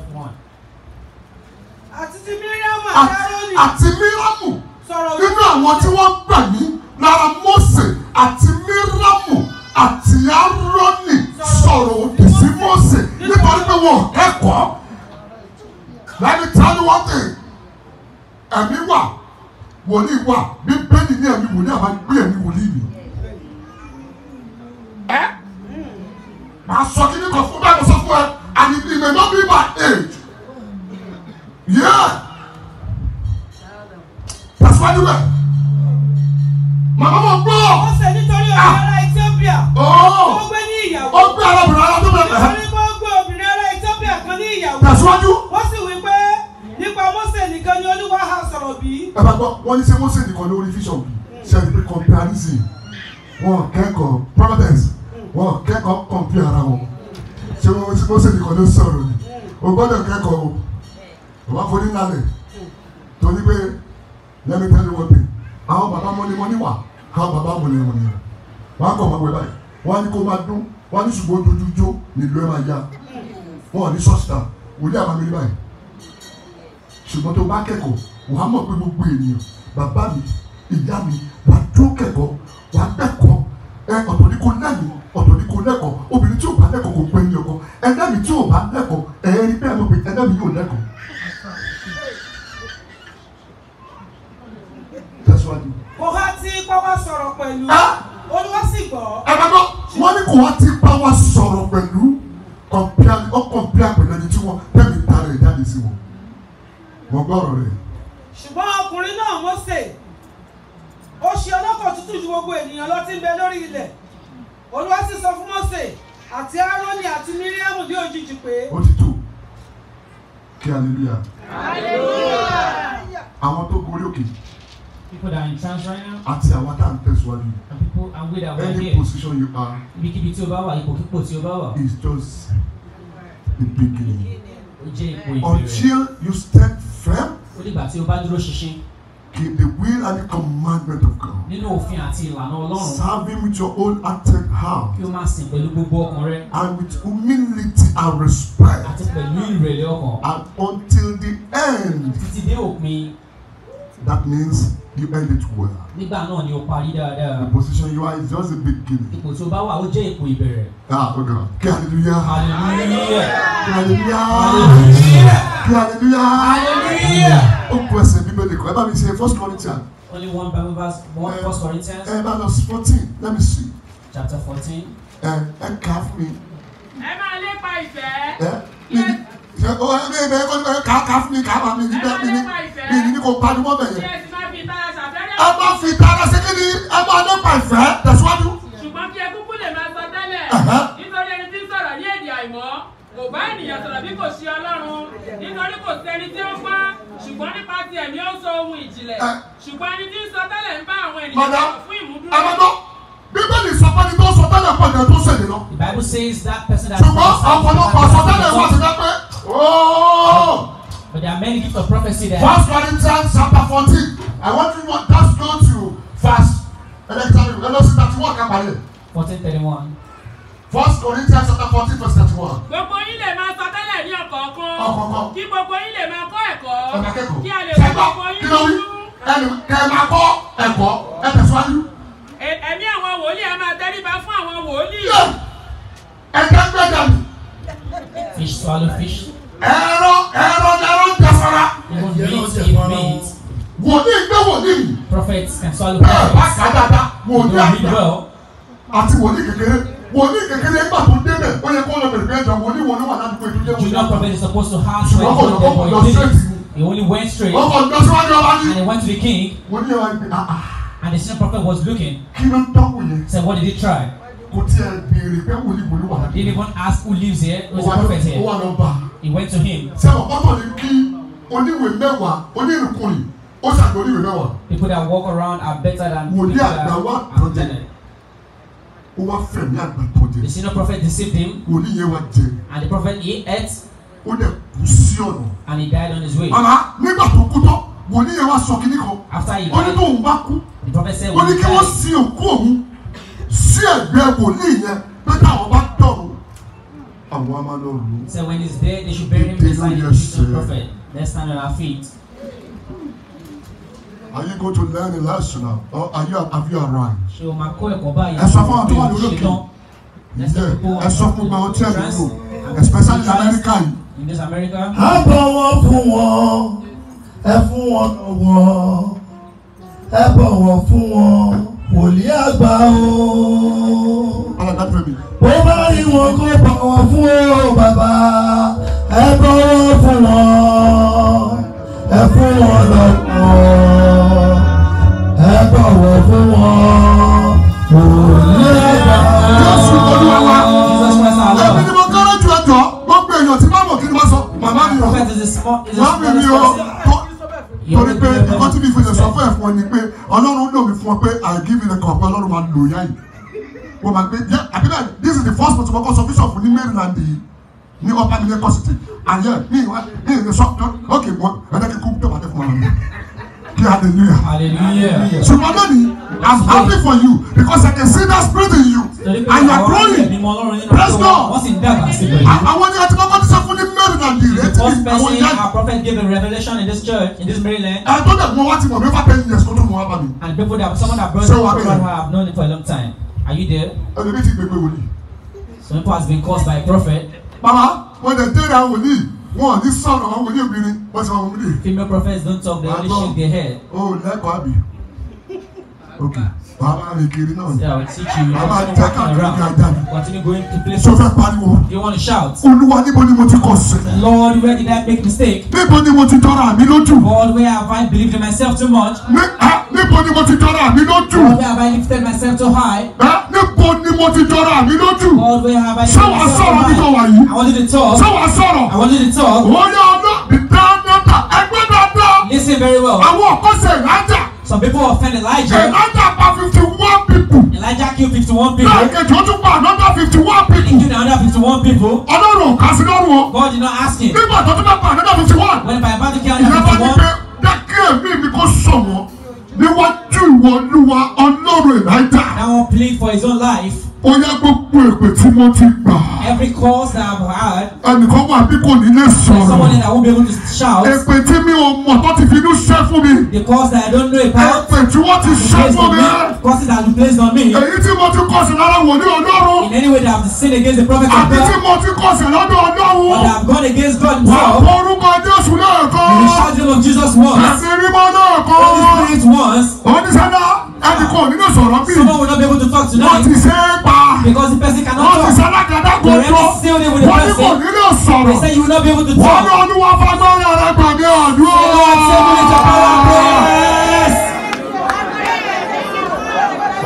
wọn ò ní sọ́ọ̀sì tán wòlíì àbámẹ́rí báyìí ṣùgbọ́n tó bá kẹ́kọ̀ọ́ wàá mọ̀ pé gbogbo ènìyàn bàbá mi ìyá mi wàá dúró kẹ́kọ̀ọ́ wàá dẹ́kọ̀ọ́ ẹ ọ̀tọ̀ ní kò lẹ́nu ọ̀tọ̀ ní kò lẹ́kọ̀ọ́ obìnrin tí ò bá lẹ́kọ̀ọ́ kò pé ní ọkọ ẹlẹ́mi tí ò bá lẹ́kọ̀ọ́ ẹ̀ẹ́rì bẹ́ẹ̀ lóbi ẹlẹ́mi yóò lẹ́kọ̀ọ́. tẹ̀síwájú. kò há tí pàwọ́ sọ̀rọ̀ pẹ̀lú olúwa sì gbọ́. ẹ bá gbọ́ wọ́n ní kò há tí pàwọ́ sọ̀rọ̀ pẹ̀lú kọ̀mpia ọkọ̀mpia pẹ̀lú ẹni tí wọ́n tẹ́mi tara ẹ̀ jáde sí wọn. wọ́n gbọ́rọ̀ rẹ̀. ṣùgbọ́n ọkùnrin náà Mósè ó ṣe ọlọ́kọ̀ tútù ju gbogbo ènìyàn lọ tí ń bẹ lórí ilẹ̀ Olúwa sì sọ fún Mósè àti Áárónì àti Míríámù bí òjijì pé. ó ti tó kí hallelujah. hallelujah. àwọn tó gorí òkè. Okay àti àwọn tá à ń tẹ̀síwájú. any position you are. ibikíbi tí o bá wà ipòkípò tí o bá wà. is just the beginning. until you stand firm. ó dìgbà tí o bá dúró ṣinṣin. In the will and the commandment of God. Nínú òfin àti ìlànà Ọlọ́run. Serve with your own active heart. Kí o máa sìn pẹ̀lú gbogbo ọkàn rẹ. And with humility and respect. Àti pẹ̀lú ìrẹ̀lẹ̀ ọkàn. And until the end. Títí dé òpin. That means you end it well. nígbà náà ni o parí dáadáa. the position you are is just a beginning. ipò tí o bá wà ó jẹ́ ipò ìbẹ̀rẹ̀. ah okay oh kí hallelujah. hallelujah. hallelujah. hallelujah. hallelujah. hallelujah. ó kú ẹsẹ̀ bíbélì kan ẹ bá mi ṣe first Corinthians. only one bible verse one eh, first Corinthians. ẹ eh, bá lọ fourteen let me see. chapter fourteen. ẹ eh, ẹ kà á fún mi. ẹ máa lépa ìfẹ́. ẹ ní ṣe ọ ẹ bẹ ẹ kà á fún mi kà á bá mi ní bẹ́ẹ̀ mi ní mi ní kò pariwo bẹ̀yẹ ẹ máa fi tara sí ni ẹ máa nípa ìfẹ́ tẹ̀síwájú. ṣùgbọ́n kí ẹ kúkú máa sọ tẹ́lẹ̀ nítorí ẹni tí ń sọ̀rọ̀ ní èdè àìmọ́ kò bá ènìyàn sọ̀rọ̀ bí kò ṣe ọlọ́run nítorí kò sẹ́ni tí ó gbọ́ ṣùgbọ́n nípa ti ẹ̀mí ó sọ ohun ìjìnlẹ̀ ṣùgbọ́n ẹni tí ń sọ tẹ́lẹ̀ ń bá àwọn ènìyàn sọ̀rọ̀ Bíbélì sọ pé ní tó sọ tẹ́lẹ̀ pọ̀ ní ọdún sẹ́yìn lọ. The Bible says that person that. Ṣùgbọ́n ọ̀pọ̀lọpọ̀ sọ tẹ́lẹ̀ wọ́n ti dẹ́ But there are many gifts of prophecy there. First Corinthians chapter fourteen. I want you to just go to verse. Ẹlẹ́tàlí Ẹlọ́sí thirty one kápálẹ̀. Fourteen thirty one. First Corinthians chapter fourteen verse thirty one. Gbogbo yín lè máa sọ tẹ́lẹ̀ ní ọ̀kọ̀ọ̀kan. Ọ̀kọ̀ọ̀kan. Kí gbogbo yín lè máa kọ́ ẹ̀kọ́. Ọ̀nà kẹ́kọ̀ọ́. Kí a lè wọ gbogbo yín lójú. Ẹnu kẹ́ ẹ máa kọ́ ẹ̀kọ́ ẹ tẹ̀síwájú. Ẹ̀mí àwọn wòlíì a máa tẹríba fún àwọn wòlíì. Ẹ̀ka ń gbẹ̀dà mi. Fish swallow fish ẹ̀rọ ẹ̀rọ ẹ̀rọ ń jẹfara. wòlíì gbé wòlíì. prophets can swallow prophets. bẹ́ẹ̀ bá kà dáadáa wòlíì àgbà àti wòlíì kékeré wòlíì kékeré gbà tó débẹ̀ ó yẹ kó lọ bẹ̀rẹ̀ bẹ́ẹ̀ jọ wòlíì wòlíì wà ládùúgbò ìdílé wòlíì. junior prophet is supposed to have my own name for your he only went straight. wọ́n kọ́ ọba ní. and he went to the king. wòlíì wa gbé ah ah. and the senior prophet was looking. kí ló ń tọ́kùn yẹn. said what did he try kò tiẹ̀ béèrè pé wòlíì wòlíì wà he even ask who lives here who is the prophet here. ó wà lọ bá. he went to him. sẹ́wọ̀n ọ̀tọ̀ ni kí oníwèé mẹ́wàá onírìnkùnrin ó ṣàgbọ́ oníwèé mẹ́wàá. people that walk around are better than people that are protected. wòlíì àgbà wà protected. ó wá fẹ̀mí àgbà tó the senior prophet deceived him. wòlíì yẹn wá jẹ. and the prophet he ate. ó dẹ̀ kú sí ọ̀nà. and he died on his way. àmà nígbà tó kú tán wòlíì yẹn wá sọ kíní kan. after he died. ó ní tóun bá the prophet said wòlíì kí wọ́n sin òkú òun sí ẹ̀gbẹ́ wòlíì yẹn pé táwọn bá dọ̀rùn àwọn máa lọ rù ú. so when he's there they should bury him beside the teacher prophet let's stand on our feet. Are you going to learn a lesson now? Or are you, have you arrived? Ṣé o máa kọ́ ẹ̀kọ́ báyìí? Ẹ sọ fún àwọn tó wà lórí òkè. Ẹ sọ fún gbàgbọ́ tí ẹ lè lò. Especially in America yìí. In this America. A bọ̀wọ̀ fún wọn, ẹ fún wọn lọ́wọ́, ẹ bọ̀wọ̀ fún wọn wòlíì àgbà o. bó bá rí wọn kó bọ̀wọ̀ fún o bàbá ẹ bọ̀wọ̀ fún wọn ẹ fún wọn lọ́pọ̀ ẹ bọ̀wọ̀ fún wọn wòlíì àgbà o. Jésù Olúwa wa ẹbí ni mo kọ́rọ́ jù ọjọ́ gbogbo èèyàn tí bá mọ̀ kí ni wọ́n sọ màmá mi o màmá mi o torí pé nǹkan tí mi fi lè sọ fún ẹ̀fọn ni pé ọlọ́run lò mí fún ọ pé i give you the cup ọlọ́run máa lò yá yìí wọ́n máa gbé yẹ àbí this is the first person wọ́n kọ́ sọ bishop ní maryland yìí ní upper middle And àyẹ̀ ní ìwà ní ìrẹsọ́ ok wọ́n ẹ̀dá kíkú tó bàtẹ́ fún wa lọ́wọ́. Hallelujah. Hallelujah. So, Mamani, I'm happy for you because I can see that spirit in you and you are growing. Praise God. I want you to come ti sọ fún ní Mary náà di The first person our prophet gave a revelation in this church in this Maryland. And people that someone that brought so, God who have known it for a long time. Are you there? Ẹ̀mí Some people has been caused by a prophet. Mama, Bàbá, wọ́n that tẹ́ra need? wọn ò ní àwọn wòlíì obìnrin wọ́n ti wọn wòlíì. female prophets don't talk they only shake their head. o lẹ́kọ̀ọ́ àbí. okay wà á máa rìn kiri náà ni wà á máa tẹ káàkiri ní ajá ni sọfẹ pariwo olúwa níbo ni mo ti kọ sí. lord where did i make mistake. níbo ni mo ti tọrọ àmì lójú. lord where have i believed in myself too much. níbo ni mo ti tọrọ àmì lójú. lord where have i lifted myself too high. níbo ni mo ti tọrọ àmì lójú. lord where have i lifted myself too high. sọ wàá sọ̀rọ̀ bí kò wà yìí. i wanted to talk. sọ wàá sọ̀rọ̀. i wanted to talk. wọ́n yọ ọdún dáadáa ẹgbẹ́ dáadáa. listen very well. àwọn ọ̀kọ́sẹ̀ ìrajà. Some people were offended Elijah. Elijah about fifty-one people. Elijah killed fifty-one people. Náà ìkejì ó tún pa another fifty-one people. He killed another fifty-one people. Ọlọ́run kà sí lọ́rùn o. God did not ask him. Nígbà tó tún bá pa another fifty-one. When by about to kill another fifty-one. Ìjọba ní pé dákẹ́ mi mi kò sọ̀wọ́ níwájú ìwọ olúwa ọlọ́run Elijah. Now plead for his own life ó gbogbo èpè tí mo ti gbà. every cause that I have had. ẹnìkan wà bí kò ní lè sọ̀rọ̀. someone in that won't be able to shout. èpè tí mi ò mọ̀ tó ti fi inú ṣẹ́ fún mi. the cause that I don't know about. èpè tí wọ́n ti ṣẹ́ fún mi. causes that have been placed on me. èyí tí mo ti kọ̀sì lára wò ní ọlọ́run. in any way that I have sinned against the prophet of God. àti tí mo ti kọ̀sì lọ́dọ̀ ọlọ́run. but I have gone against God himself. wà á orúkọ Jésù In the shouting of Jesus once. àti rímọ́ lẹ́ẹ̀kan. only spirit once kan nínú sọ̀rọ̀ bí. someone will not be able to talk tonight. wọ́n ti ṣe é pa. because the person cannot talk. wọ́n ti ṣe alágàdá gbogbo. the rest still dey with the person. wọ́n ní kò nínú sọ̀rọ̀. they say you will not be able to talk. wọ́n ní olúwa fagbọ́nrẹ́ rẹ gbàgbé ọ̀dún. ṣé wọ́n ṣe é lórí japan prayers.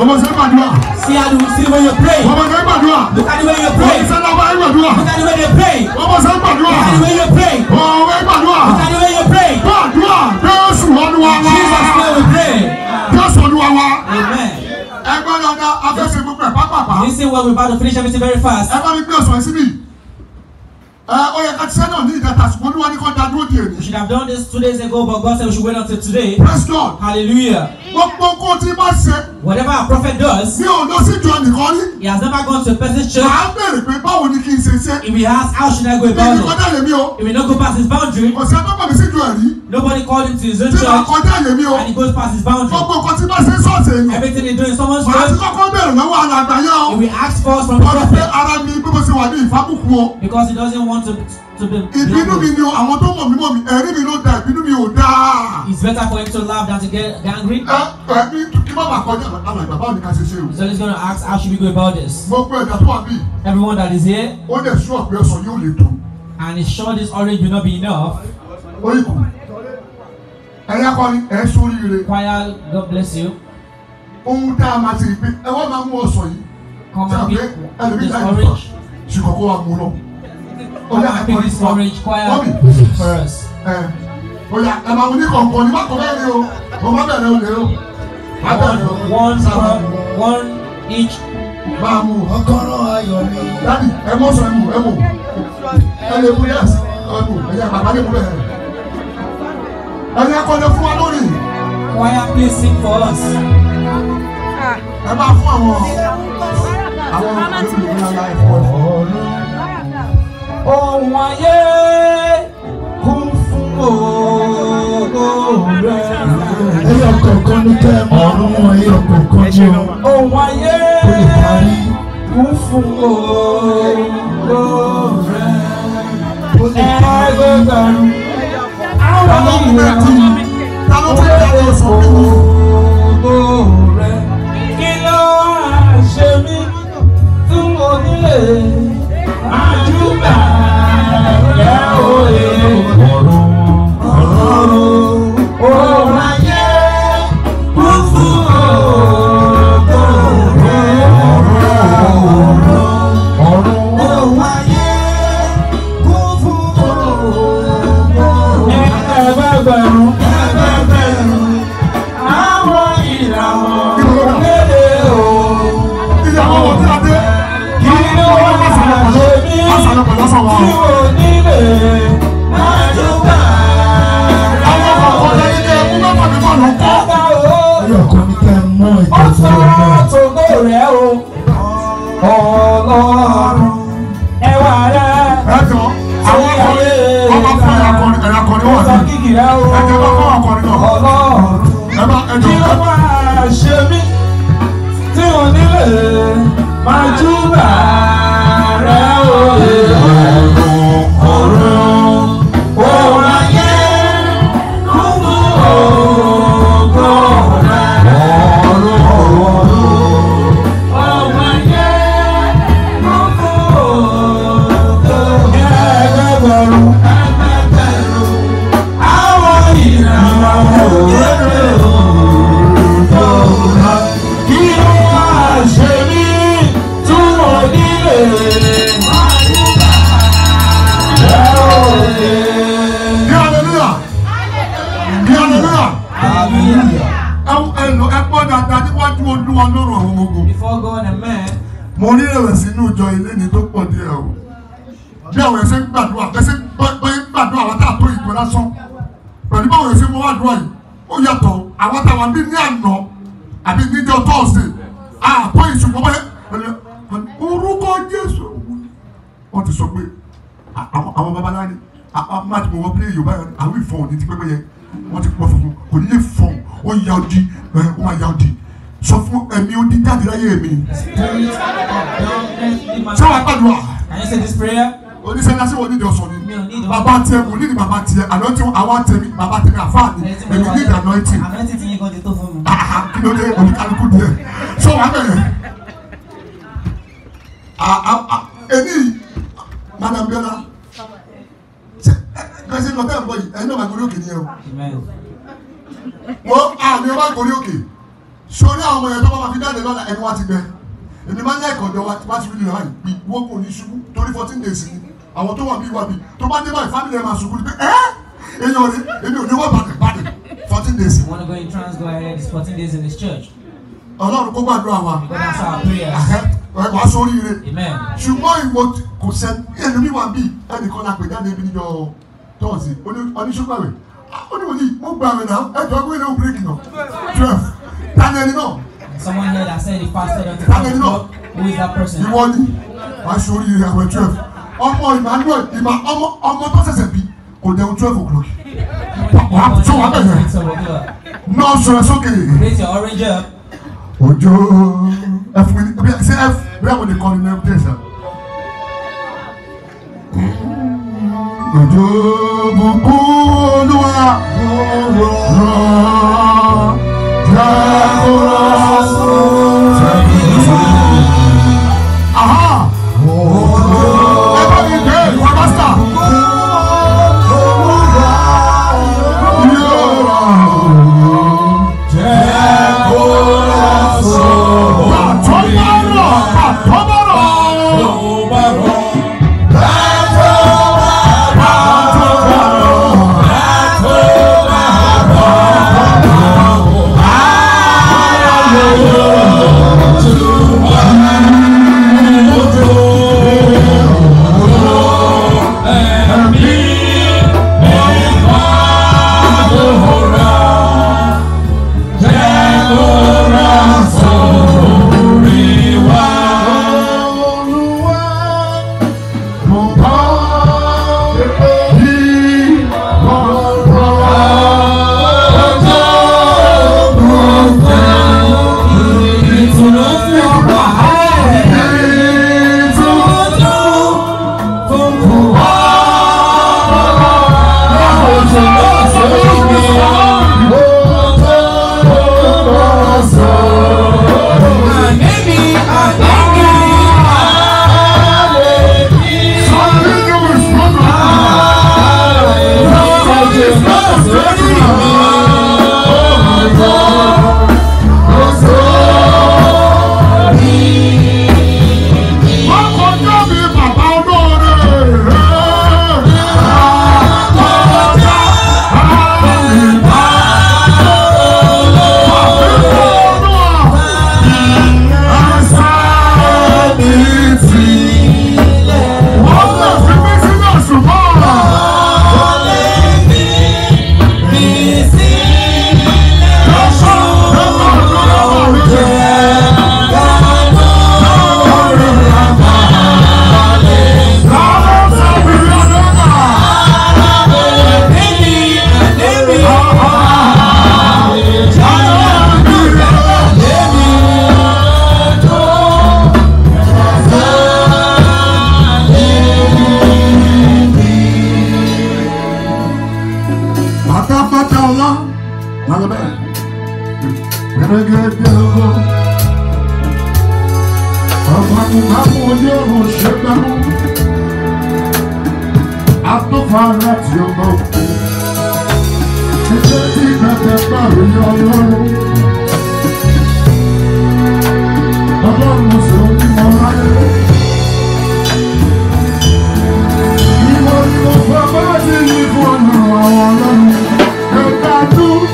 ọmọ sẹ́ gbàdúrà. see how you see when you pray. ọmọ sẹ́ gbàdúrà. look at the way you pray. ọmọ sẹ́ gbàdúrà. look at the way you pray. ọmọ sẹ́ gbàdúrà. look at the way you pray. ọmọ sẹ́ gbàdúrà. look at the way you pray. gbàdúrà. Jesus we pray. Jésù Olúwa wa. Ẹ gbọ́dọ̀ dá afẹ́sẹ̀ You see what we about to finish everything very fast. Ẹ bá mi gbé ọ̀sán ó yẹ ká ti sẹ́nà ní ìkẹta ṣùgbọ́n níwájú kan da dúró di èmi. should have done this two days ago but God said we should wait until today. praise God. hallelujah. gbogbo whatever our prophet does. he has never gone to a person's church. if he asks, how should I go about it. ibi he will not go past his boundary. nobody called him to his own church. and he goes past his boundary. everything he's doing, in someone's church. màá ti kọ́kọ́ béèrè lọ́wọ́ ask first from the prophet. because he doesn't want want to to be. ìbínú mi ni àwọn tó mọ̀ mí mọ̀ mí ẹ̀rí mi ló da ìbínú mi ò da. it's better for him to laugh than to get angry. ẹ ẹ mi kí má kọjá àlọ́ ìgbà báwo ká ṣe ṣe o. so he's gonna ask how should we go about this. mo pe ẹ̀dá tó wà bí. everyone that is here. ó dẹ̀ sún ọ̀pẹ ọ̀sán yóò lè tó. and he sure this orange will not be enough. ó yẹ kù ẹ̀yà kọrin ẹ̀ sóríire. choir God bless you. ohun tá a máa ṣe ìpín ẹ wọ́n máa mú ọ̀sán yìí. come on, pick this orange. ṣùgbọ́n kó wa mú ọ̀yà àkọ́rí sọ mọ́mí ọ̀yà ẹ̀ma wò ní kọ̀ọ̀kan ní bákan bẹ́ẹ̀ ni o mo má bẹ̀rẹ̀ olè o má bẹ̀rẹ̀ o. one one one each. máa mú ọgọ́rọ̀ ayọ̀ mi. dábì ẹ mọ sọ ẹ mú ẹ mú ẹ lè mú yẹs ẹ mú ẹyẹ bàbá lè mú bẹ́ẹ̀ ẹ ní ẹkọ lè fún wa lórí. choir please sing for us. ẹ máa fún àwọn àwọn olùdókòwò aláìfọ́ ohun ayé kún fún òòrùn rẹ. ẹyọ kọ̀ọ̀kan ní kẹ́ ẹ mọ àwọn ẹyọ kọ̀ọ̀kan ní o. ohun ayé kún fún òòrùn rẹ. ẹgbẹ́ gbàrú. àwọn ọmọ mi ta ló fẹ́ ta ló sọ fún mi. Kí ló ń ṣe mí tí mo nílé? ọ̀rọ̀ ọ̀rọ̀ ọ̀rọ̀. wọ̀bì tó bá dé báyìí family ẹ̀ máa sunkún pé ẹ́ èyàn ni èmi ò ní wọ́n bàtẹ̀ bàtẹ̀ fourteen days. you wanna go in trance go ahead it's fourteen days in this church. ọlọ́run kó gbàdúrà wa. because that's our prayer wàá sórí ire ṣùgbọ́n ìwọ kò sẹ ẹlòmíì wà bíi ẹnìkan la pè jáde ibi níjọ tọ́ọ̀sì oníṣọ́gbàwẹ̀ oníwòlí mo gbà wẹ̀ náà ẹ̀jọ̀ ọgbẹ́ ilé òbí rẹ̀kì náà twelve tani ẹni náà. someone here that said he passed fasted until twelve who is that person. ìwọ ni wàá sórí ire àwẹ̀ twelve ọmọ Emmanuel ìmọ̀ ọmọ ọmọ tó ṣẹ̀ṣẹ̀ bí kò jẹun twelve o'clock wà tún wà bẹ̀rẹ̀ náà sọ̀rọ̀ sókè. ojo ẹfu mi ṣe ẹfu bí àwọn ènìyàn ní ẹfu tẹ̀sán. ojo bùkún olúwa rọ̀ rọ̀ rọ̀. 啊！pátápátá ọlá lálábẹ́ gbẹ̀rẹ̀gẹ̀dẹ̀ ọgbọ. ọ̀gbọ̀nùgbàmù onírun ṣẹgbẹ̀mú atúfàárà tí ó bá òkú. Ṣé tí bẹ̀bẹ̀ bá rí ọlọ́run? Ọlọ́run sọ ní mo ráyé. Ìwọ ni mo fọ́ bá ti ní fún ọ̀nà àwọn ọlọ́run. canto,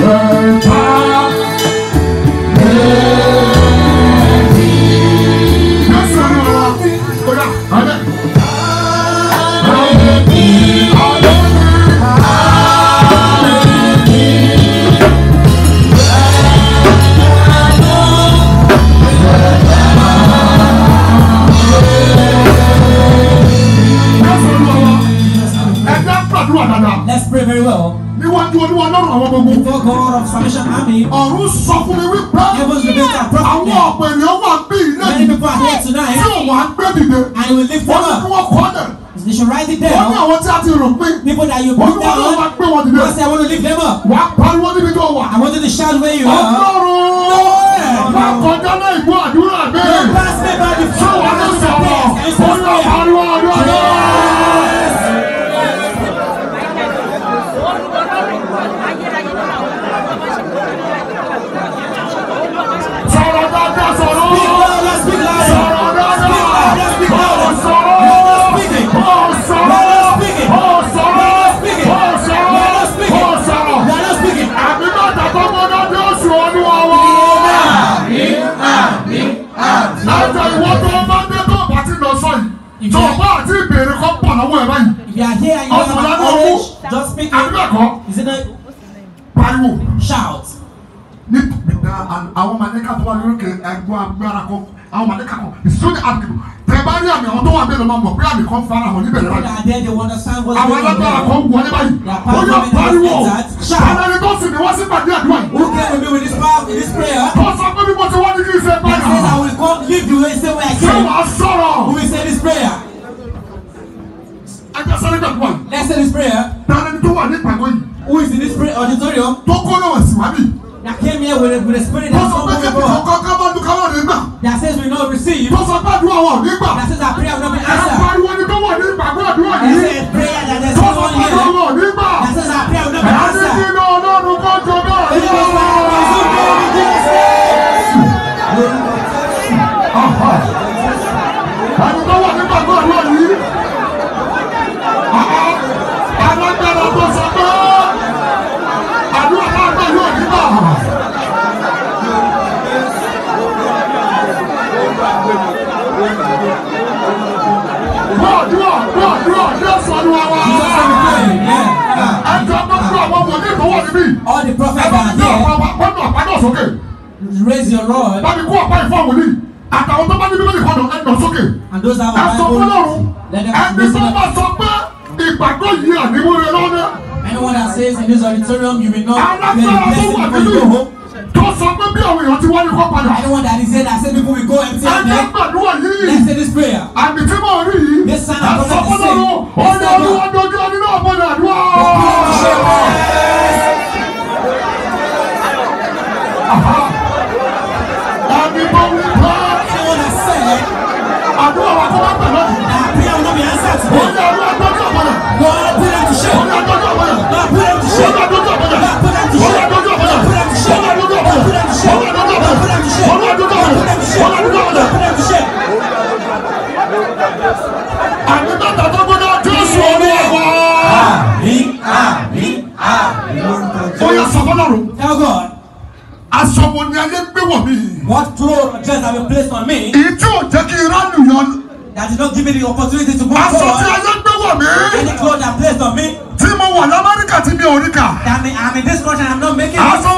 canto. ọlọ́run àwọn gbogbo. the four God of salvation army. ọ̀run sọ fún mi wípé. heaven is the best àwọn ọ̀pọ̀ ènìyàn wà bí ilé. many people are here tonight. tí òun á gbé dìde. and will lift them up. wọ́n ti wọ́n kọ́ dẹ̀. They should write it down. Wọ́n ní àwọn tí a ti rò pé. People that you put down. Wọ́n ní wọ́n gbé wọn dìde. Wọ́n sẹ́ wọ́n ló lift them up. níbi tó wà. I want you to shout where you are. Ọlọ́run. Má just speak it. is it not. pariwo. shout. ní àwọn màdéka tó sókè. raise your rod. bá mi kó ọ̀pá ìfọ́ wòlíì àtàwọn tó bá ní bíbélì kan náà ẹ nà sókè. ẹ sọ fún lọ́rùn ẹni tó bá sọ pé ìgbàgbọ́ yìí àníwúre lọ́dẹ. anyone that says in this auditorium you will not be the best in the world tó sọ pé bí àwọn èèyàn ti wá ní kó padà. anyone that is here that say people will go empty handed. ẹni gbàdúrà yìí. let's say this prayer. àmì tí mo rí yìí. this sign of prophet is saying. ẹ̀sán ọlọ́run ọ̀dọ́ ọdún ọdún ọdún náà that have placed on me. Ìtí ò jẹ́ kí irọ́ nìyọ. That did not give me the opportunity to move forward. Aṣọ tí ayé gbé wọ̀ mí. Any cloth that placed on me. Tí mo wà l'Amẹ́ríkà tí mi ò rí That mean I'm in this country and I'm not making it. Aṣọ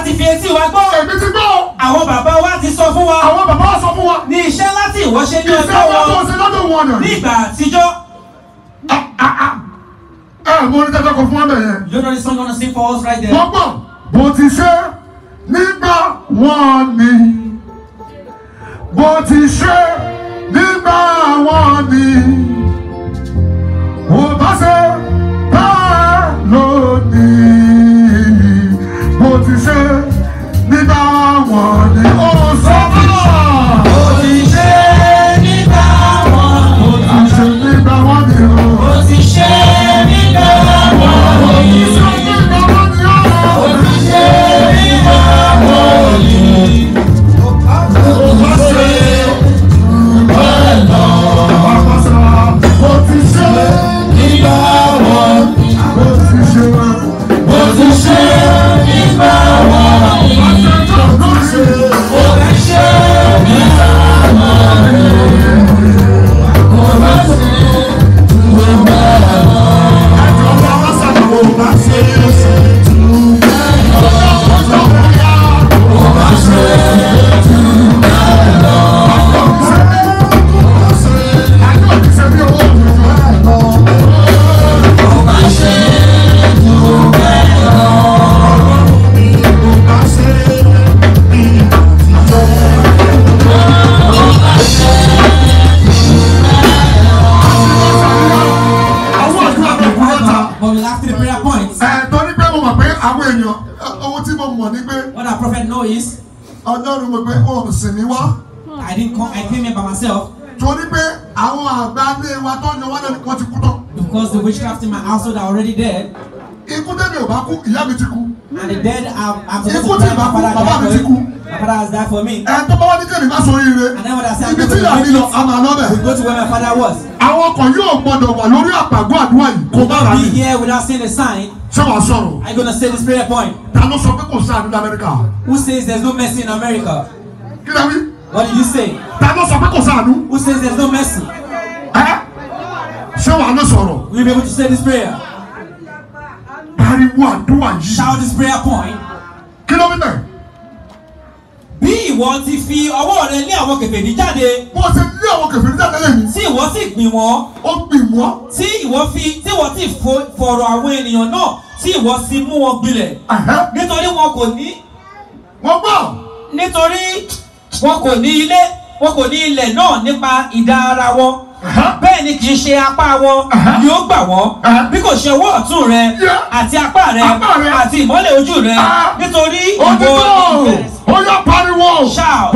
a ti fi etí wa gbọ́. èmi ti gbọ́. àwọn bàbá wa ti sọ fún wa. àwọn bàbá wa sọ fún wa. ní iṣẹ́ láti ìwọ ṣe ní ọjọ́ wọn. iṣẹ́ wọn tó ṣe wọn nà. ní ìgbà àtijọ́. ẹ mo ní tẹ́tẹ́ kọ fún wa bẹ̀rẹ̀. you know the song gonna sing for us right there. wọ́n gbọ́ bó ti ṣe. cast in my household are already dead. Ikú tẹ́mi ò bá kú, ìyá mi ti kú. And the dead are are supposed bá kú, bàbá mi ti kú. My father has died for me. Ẹ tó bá wá ní kẹ́mi má sọ oríire. And then when I say I'm going to go to the village, we go to where my father was. Àwọn ọkọ̀ yóò gbọdọ̀ wà lórí àpàgọ́ àdúrà yìí. Kò bá rà Be here without seeing a sign. Ṣé wàá sọ̀rọ̀? I'm gonna say this prayer point. Ta ló sọ pé kò sáà nínú Amẹ́ríkà? Who says there's no mercy in America? Kí ni a wí? What did you say? Ta ló sọ pé kò sáà nú? Who says there's no mercy? be able to say this prayer. Thirty-one, àdúrà one Shout this prayer point. kilometer? B ń bẹ̀? Bí ìwọ ti fi ọwọ́ rẹ lé àwọn kèfèrí jáde. Mo ṣe lé àwọn kèfèrí jáde lẹ́yìn. Tí ìwọ sì gbìn wọ́n. Ó gbìn wọ́n. Tí ìwọ fi tí ìwọ ti fọ̀rọ̀ àwọn ènìyàn náà tí ìwọ sì mú wọn gbilẹ̀. Nítorí wọn kò ní. Wọ́n gbọ́. Nítorí wọn kò ní ilé wọn kò ní ilẹ̀ náà nípa ìdá ara wọn. Uh-huh. bẹ́ẹ̀ ni kì í ṣe apá wọn ni ó gbà wọ́n uh-huh. bí kò ṣe ọwọ́ ọ̀tún rẹ àti apá rẹ àti ìmọ́lẹ̀ ojú rẹ ah. nítorí oh, ìwọ ìfẹ́. ó oh, yá pariwo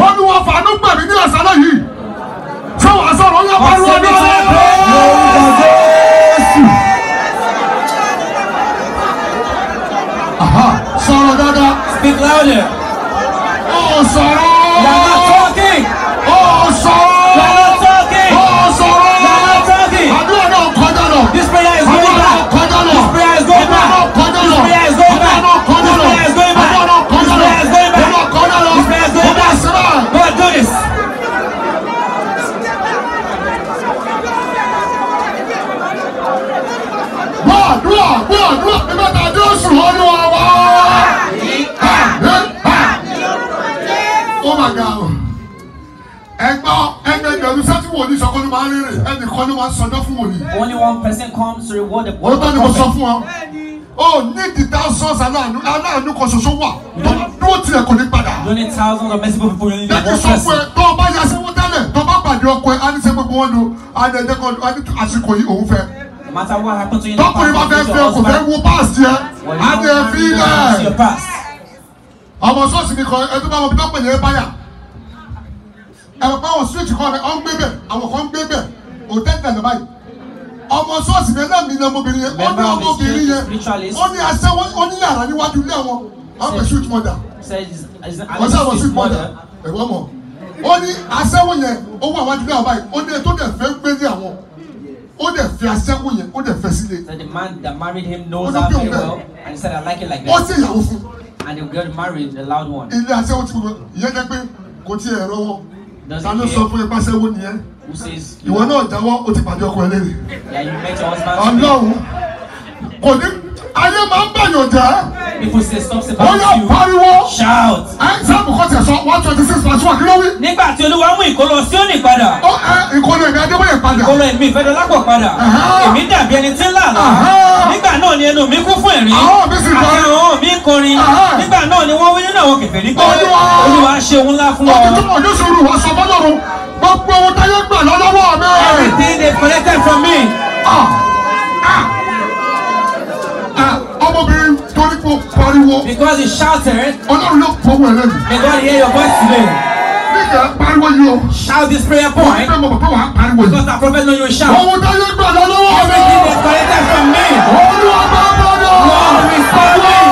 ó ní wọn fàánú gbẹ̀mí ní àṣálẹ́ yìí ṣé wàá sọ̀rọ̀ ó yá pariwo ní oh, ọ̀rẹ́ sọ̀rọ̀ dáadáa. speak louder. ó sọ̀rọ̀. yàrá talking. because aláàánú aláàánú kan ṣoṣo wà tó dúró tirẹ̀ kò ní padà. lónìí thousands of mercy people yóò ní one person. lẹ́yìn sọ fún ẹ tó bá yà sí tẹ́lẹ̀ tó bá pàdé ọkọ ẹ á gbogbo wọn lò á kan á àsìkò yìí òun fẹ́. màtá wà fẹ́ fẹ́ kò fẹ́ wo past yẹ á ní ẹ fi ilẹ̀. ọmọ sọ́ọ̀sì mi kan ẹ tó bá wọn bí wọ́n pè ọmọ ṣọ́ọ̀ṣì yẹn náà mi ní ọmọbìnrin yẹn ó ní ọmọbìnrin yẹn ó ní asẹ́ ó ní yàrá níwájú ilé wọn àwọn èso ìtumọ̀dà wọ́n sá wọ́n sí ìtumọ̀dà ẹ̀wọ́ mọ̀ ó ní asẹ́wó yẹn ó wà wájú àwọn báyìí ó ní ètò dẹ̀ fẹ́ gbé ní àwọn ó dẹ̀ fẹ́ asẹ́wó yẹn ó dẹ̀ fẹ́ sílé. ó sì yàwó fún. and the girl married the loud one. ilé asẹ́wó ti gbogbo ìyẹn jẹ́ ta ló sọ fún ẹ pàṣẹ wo nìyẹn ìwọ náà jáwọ́ o ti pàdé ọkọ ẹ lẹ́yìn ọlọ́run kò ní ayé máa ń bẹ̀yàn jẹ́. if we say something about you. ó yà pariwo. shout. ẹnjẹ́ bùkọ́ sọ one twenty six point one kílówí. nígbà tí olúwa mú ìkólọ Síónì padà. ó ẹ ìkólọ èmi adébóyè padà. ìkólọ èmi ìfẹ́dọ̀lápọ̀ padà. èmi dàbí ẹni tí ń là náà. nígbà náà ni ẹnu mi kún fún ẹ̀rín. àwọn mi sì kọrin. àwọn mi kọrin. nígbà náà ni wọ́n wí nínú àwọn kẹfẹ́ nígbà olúwa ṣe òun ńlá fún wọn. gbogbo everything they from me. Ah. Ah. Ah, ọmọbìnrin torí kò pariwo. because he shouted. ọlọ́run yóò fọwọ́ ẹ lẹ́nu. may God hear your voice today. nígbà pariwo yìí o. shout this prayer point. wọ́n fẹ́ mọ̀ bàbá wa pariwo yìí. because our prophet know you shout. ohun tó yẹ gbọ́dọ̀ lọ́wọ́. everything is collected from me. olúwa bá bọ́dọ̀. Lord restore me.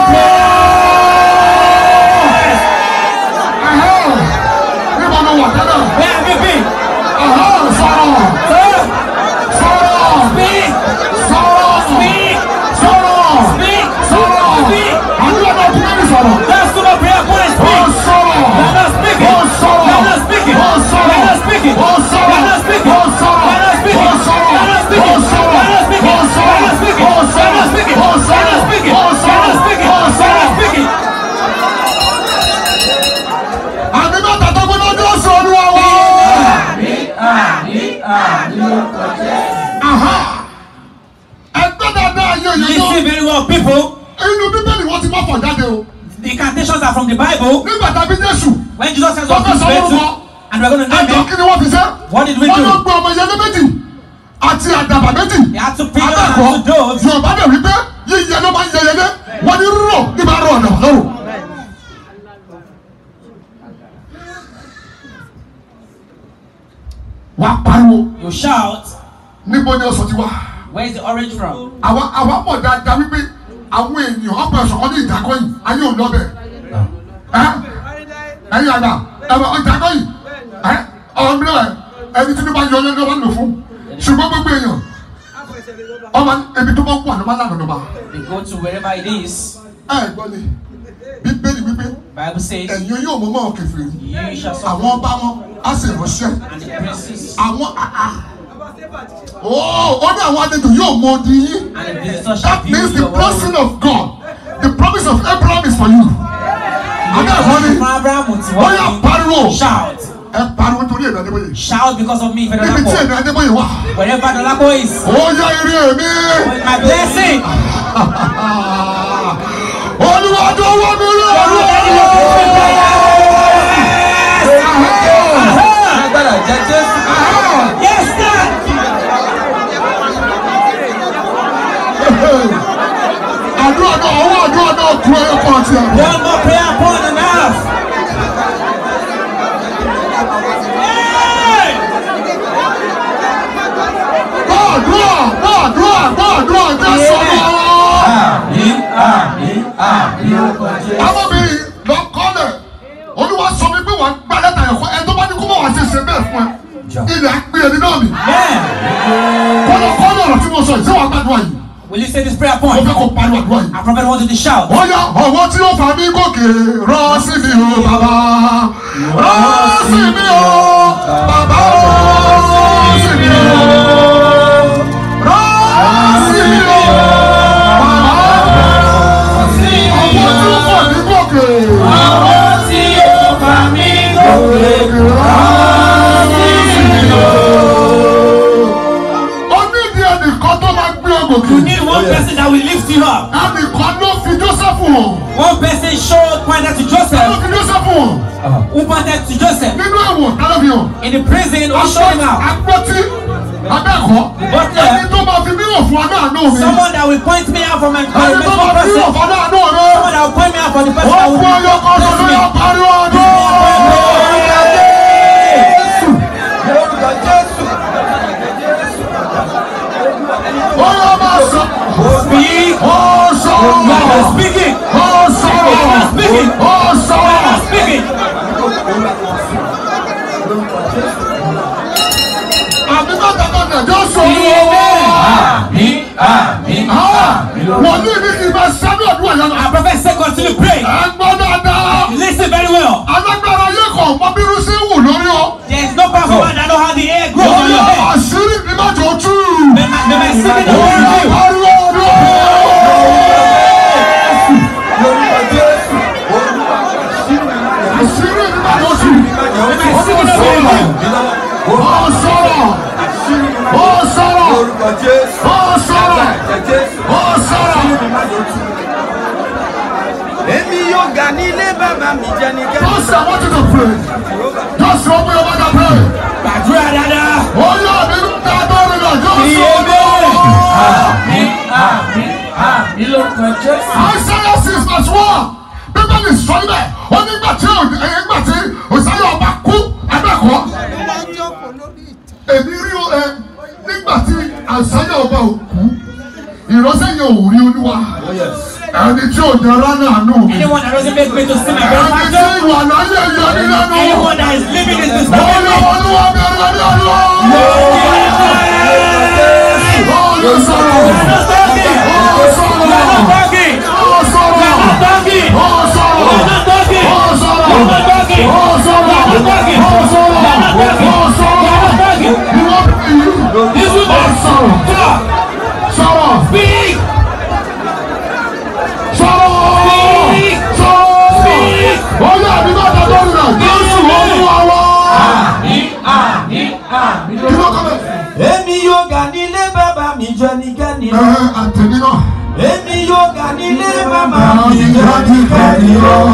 níbo ni ọsàn ti wá. where is the orange from. àwa àwa mọ̀ dáadáa wípé àwọn ènìyàn ọ̀pọ̀ ẹ̀sùn kan ní ìdákọ́yìn ayé òun lọ́bẹ̀. ẹ̀yin àgbà ẹ̀rọ ìdákọ́yìn ọ̀rọ̀ mìíràn ẹni tí ló bá yọ ọ́ lọ́wọ́ lò fún ṣùgbọ́n gbogbo èèyàn ọba ebi tó bá wà ló bá lànà lọ́ba. they go to wherever it is. ẹ gbọ́ ni bíbélì wípé ẹ̀yin yóò mọ̀ mọ́ kẹfìrì àwọn ọba wọn á sì ránṣẹ́ àwọn àà. Oh, ọ̀dọ̀ àwọn adéjú yóò mọ di That means the blessing of God, the promise of Abraham is for you. Adé ẹ̀họ́ ni, ó yà pariwo. Ẹ Shout because of me, Fẹ́dọ́lápọ̀. the tí èdè Adébóyè wà. Wherever Fẹ́dọ́lápọ̀ is. Ó yá eré mi. Oh, my blessing. [LAUGHS] Olúwa dọ́wọ́ mi lé. Olúwa dọ́wọ́ mi lé. prayer point here. One more prayer point enough. Gbàdúrà gbàdúrà gbàdúrà Jésù lọ. Àmín àmín àmín ọkọ Jésù. Àwọn mi lọ kọ́lẹ̀, Olúwa sọ mi pé wà á gba lẹ́tà ẹ̀kọ́ ẹ tó bá ní kó mọ̀ wá ṣe ṣe bẹ́ẹ̀ fún ẹ. Ilẹ̀ á gbé ẹni náà mi. Kọ́lọ̀ kọ́lọ̀ ọ̀rọ̀ tí mo sọ ìṣẹ́wàá gbàdúrà yìí will you say this prayer point. mo fẹ́ kó pariwo àdúrà yìí. I probably wanted to shout. ó yá ọwọ́ tí ó fà mí gòkè rán sí mi o bàbá rán sí mi o bàbá o. You need one oh, person that will lift you up. Àmì kan ló fi Joseph hàn. One person showed pointed to Joseph. Ló fi Joseph hàn. Who pointed to Joseph? Nínú ẹ̀wọ̀n tálọ́ fi hàn. In the prison, who showed him out? Àpótí abẹ́kọ̀. Bọ́tẹ̀. Ẹni tó máa fi míràn fún ọdún àánú mi. Someone that will point me out for my my person. Ẹni tó máa fi míràn fún ọdún àánú mi. Someone that will point me out for the person. Don't say I want you to pray. Just open your mouth and pray. Gbàdúrà dáadáa. Ó yọ mí ká bẹ́ẹ̀rù náà yóò sọ. Iye bẹ́ẹ̀. Àmín àmín àmín ló Isaiah six verse one. Bíbélì sọ ibẹ̀, ó nígbà tí ò ẹni tí ò dára náà nù mí. ẹni tí ìwà láyé yọ ní lẹ́nu. bọ́ọ̀lù olúwa bẹ̀rẹ̀ ní ọlọ́. bọ́ọ̀lù sọ̀rọ̀ bọ́ọ̀lù sọ̀rọ̀ bọ́ọ̀lù sọ̀rọ̀ bọ́ọ̀lù sọ̀rọ̀ sọ̀rọ̀ sọ̀rọ̀ sọ̀rọ̀ Ìbàdàn.